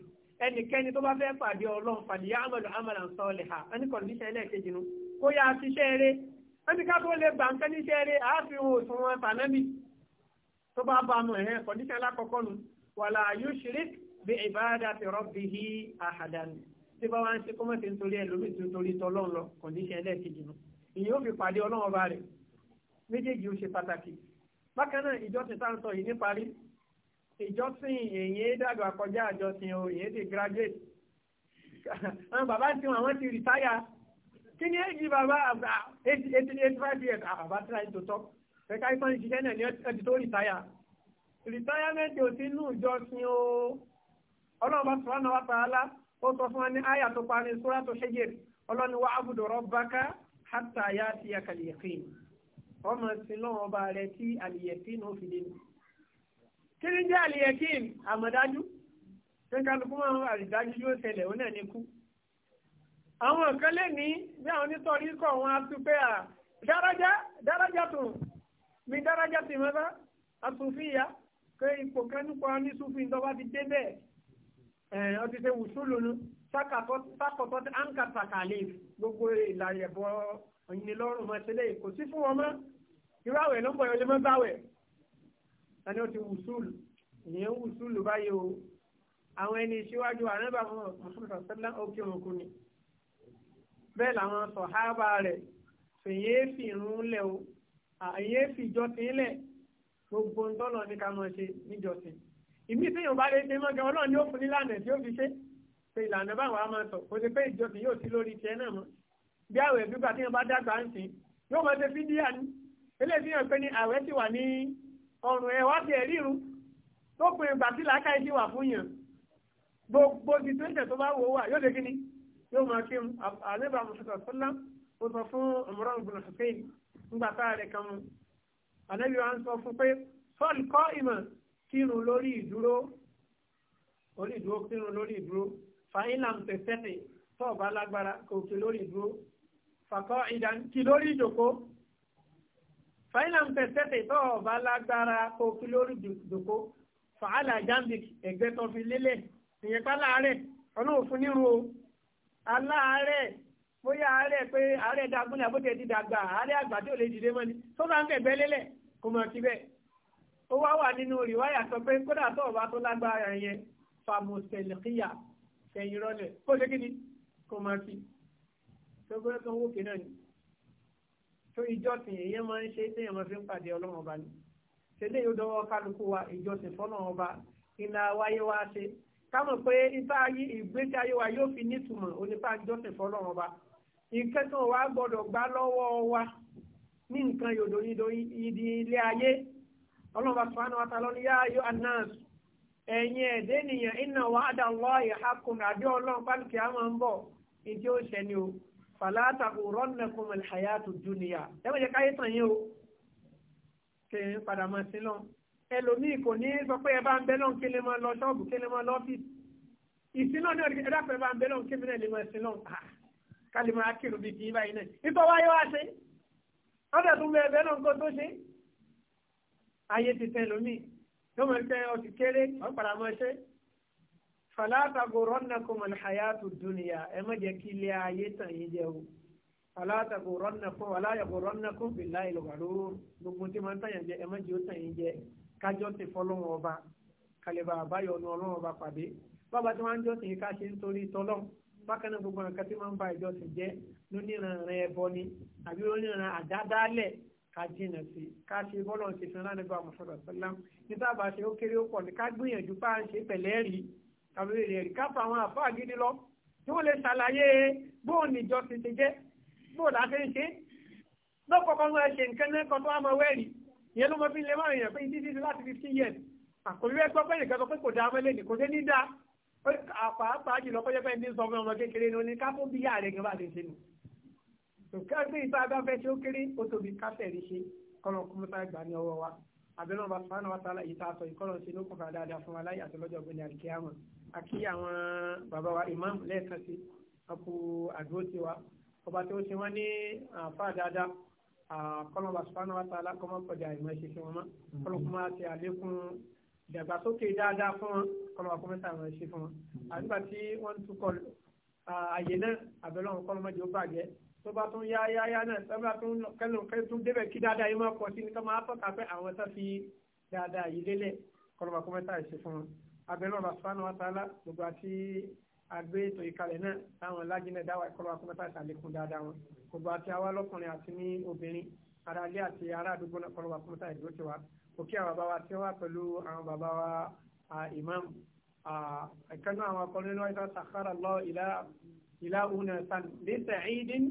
ẹnikẹ́ni tó bá fẹ́ pàdé ọlọ́run pàdé yá àmàlù àmàlà ń sọ ha ẹni kọ̀ǹdíṣẹ́ ẹlẹ́ẹ̀kejì nu kó yá ṣiṣẹ́ eré tí bá wá ń ṣe kó mọ̀ sí nítorí ẹlòmíì tó torí tọ́lọ́run lọ kọ̀ǹdíṣẹ́ ẹlẹ́ẹ̀kejì nù ìyẹn ó fi pàdé ọlọ́run ọba rẹ̀ méjèèjì ó ṣe pàtàkì bákan náà ìjọsìn tá à ń sọ yìí níparí ìjọsìn èyí dàgbà kọjá àjọsìn o èyí ti graduate àwọn bàbá tí wọn àwọn ti retire kí ni èyí bàbá eighty eight five years àbá tí láì tó tọ́ ẹ̀ka ìfọ̀n ìṣiṣẹ́ náà ní ẹ̀dì tó retire retirement ò sí inú ìjọsìn o ọlọ́run bá sọ̀rọ̀ náà wá pa á lá ó sọ fún wa ní àyà tó parí sóràtò Hijr ọlọ́ni wa abudu rabbaka hatta ya'tiyaka al-yaqin ọmọ sí náà ọba rẹ tí al ó fi dé kí ni jẹ́ al-yaqin àmọ̀dájú pé kálukú máa ń àrídájú yóò ṣẹlẹ̀ ó náà ní kú. àwọn kan lè ní bí àwọn onítọ̀rí kọ̀ wọn á tún pé à dárájá dárájá tó mi dárájá tì mọ́tá àtúnfìyà pé ipò kan nípa oníṣùfì tó bá ti dé bẹ́ẹ̀ Eh, ọ ti ṣe wùsùlù nu sákọ̀tọ̀ tí anka sàkàlẹ̀ gbogbo ìlàyẹ̀bọ ìnilọ́rùn mọ́ ṣẹlẹ̀ kò sí fún wọn mọ́ irú àwẹ̀ ló ń bọ̀ ọjọ́ mẹ́ta àwẹ̀ tani ó ti wùsùlù ìyẹn wùsùlù báyìí o àwọn ẹni ìṣíwájú àrẹ́bà fún ọ̀sán sẹ́lá òkè òkun ni bẹ́ẹ̀ làwọn sọ̀hábà rẹ̀ fèyẹ́ fi lẹ̀ o àyẹ́ fi ìjọsìn lẹ̀ gbogbo ń tọ́nà ní ká ìmí tí yóò bá lè ṣe mọ́gẹ́ ọlọ́run ni ó fún nílànà tí ó fi ṣe pé ìlànà báwọn a máa sọ kò sí pé ìjọsìn yóò sí lórí tiẹ̀ náà mọ́ bí àwẹ̀ gbígbà tí yóò bá dàgbà ń sìn yóò máa ṣe fídíà ni eléyìí yóò pé ní àwẹ̀ ti wà ní ọrùn ẹ̀ wá tiẹ̀ rírun tó pin ìgbà tí làákàyè ti wà fún yàn gbogbo situation tó bá wò wà yóò lè kí yóò máa kí àlébà mùsùlùmí sọ́lá ó sọ fún Imran ibn kírun lórí ìdúró orí ìdúró kírun lórí ìdúró fàyínlàm tẹ̀sẹ̀tì tó bá kò kí lórí ìdúró fàkọ́ ìdán kí lórí ìjòkó fàyínlàm tẹ̀sẹ̀tì tó bá kò kí lórí ìjòkó fàálà jambic ẹ̀gbẹ́ tó fi lélẹ̀ ìyẹn pa fún nírú o aláàárẹ̀ bóyá àárẹ̀ pé ti dàgbà àgbà tí ò lè dìde ń kò ó wá wà nínú rìwáyà sọ pé kódà tó ọba tó lágbára yẹn famoselikiya fẹ̀yìn rọlẹ̀ kó ṣe kíni kó máa fi tó gbé kan wókè náà ni tó ìjọsìn èèyàn máa ń ṣe téèyàn máa fi ń pàdé ọlọ́run ọba ni ṣẹlẹ̀ yóò dọwọ́ kálukú wa ìjọsìn fọ́nà ọba iná wáyé wá ṣe kámọ̀ pé ipa ìgbésí ayé wa yóò fi nítumọ̀ onípa ìjọsìn fọ́nà ọba ìkẹ́tàn wa gbọ́dọ̀ gbá lọ́wọ́ wa ní nǹkan yòdòyìndòyìn ìdí ilé ayé ọlọ́ba subhanahu wa ta'ala ní yá ayọ́ anas ẹ̀yin ẹ̀dẹ́ nìyẹn inna wa'dallahi haqqun àdé ọlọ́run pálíkì àmọ́ ń bọ̀ ìdí ó ṣẹ ni o fàlàtà òrọ́nàkùn alhayatu dunya ẹ̀wọ̀n jẹ́ káyé tàn yín o kèèyàn padà máa sí lọ́n ẹlòmíì kò ní sọ pé ẹ bá ń bẹ lọ́n kí lè máa lọ ṣọ́ọ̀bù kí lè máa lọ ọ́fíìsì ìsinú náà ẹ dápẹ́ bá ń bẹ lọ́n kí ayé ti tẹ́ lómi tó mọ̀ pé ọtí kéré ọ̀pàdà mọ́ ṣe fàlátàgò rọ́nàkùnmọ̀ àyàtò dúnìyà ẹ má jẹ́ kí ilé ayé tàn yín jẹ́ o fàlátàgò rọ́nàkùn wàláyàgò rọ́nàkùn bìlá ìlúwàlú gbogbo tí máa ń tàyàn jẹ ẹ má jẹ́ ó tàn yín jẹ kájọ́ ti fọlọ́wọ́n ọba kàlẹ́bà àbáyọ ọ̀nà ọlọ́run ọba pàdé bàbá tí wọ́n ń jọ́sìn yìí ká ṣe ń torí tọ́lọ́ bákan náà gbogbo nǹkan tí wọ́n ń ba ìjọsìn jẹ́ lóníran ẹbọ ni àbí lóníran àdádálẹ̀ ká jìnà sí ká ṣe bọ́lọ̀ ṣe fi ránà bá mọ̀sọ̀rọ̀ sọ́lám ní tábà ṣe ó kéré ó pọ̀ ní ká gbìyànjú bá ń ṣe pẹ̀lẹ́ rí tàbí rẹ̀ rí ká fa àwọn àfáà gidi lọ tí wọ́n lè ṣàlàyé bóun níjọ ti ti jẹ́ bóun láti ń ṣe lọ́pọ̀ kan wọ́n ṣe nǹkan náà kan tó wá mọ wẹ́rì ìyẹn ló mọ fi lè máa rìnrìn pé títí láti fifteen years àkòrí ẹgbẹ́ pé nìkan sọ pé kò dáa mọ́lẹ́ nìkan ṣe ní dáa pàápàá jùlọ pé jẹ́ pé ní sọ fún ọmọ nǹkan gbé ìta bá fẹ́ ṣe ó kéré ó tóbi kásẹ̀ rí ṣe kọ́nà kọ́mọ́tà gbà ní ọwọ́ wa abẹ́rẹ́ ọba sùpánà wa tààlà yìí tá a sọ ìkọ́nà ṣe ló kọ̀ dáadáa fún wa láyé àtọ́lọ́jọ́ ọ̀gbẹ́ni àríkè àwọn àkí àwọn bàbá wa imam lẹ́ẹ̀kan sí ọkù àdúró ti wa ọba tó ṣe wọ́n ní àfa dáadáa kọ́nà ọba sùpánà wa tààlà kọ́mọ́ kọjá ìmọ̀ ẹ̀ṣẹ̀ fún wọn mọ́ kọ́nà kọ́mọ́ àti àlékún ìdàgbàsókè dáadáa fún wọn kọ́nà ọba kọ́mọ́tà àwọn ẹ̀ṣẹ̀ fún wọn àdúgbà tí wọ́n tún kọ àyè náà àbẹ̀lọ́run tó bá tún yá yá yá náà tó bá tún kẹlẹ̀ kẹlẹ̀ tún débẹ̀ kí dáadáa yìí máa pọ̀ sí ni ká máa tọ́ka pé àwọn tó fi dáadáa yìí lélẹ̀ kọlọ́ba kó mẹ́ta ìṣe fún wọn abẹ́rẹ́ ọba sùpánù wàtálá gbogbo àti agbé ètò ìkàlẹ̀ náà táwọn lájínẹ̀ dáwà kọlọ́ba kó mẹ́ta ìṣàlékún dáadáa wọn gbogbo àti àwa lọ́kùnrin àti ní obìnrin ara ilé àti ará àdúgbò náà kọlọ́ba kó mẹ́ta ìdúró ti wa òkè àwọn bàbá wa tí wọ́n wà àwọn bàbá wa imam ìkànnì àwọn akọrin náà ìtàn sàkárà lọ ìlà ìlà òun náà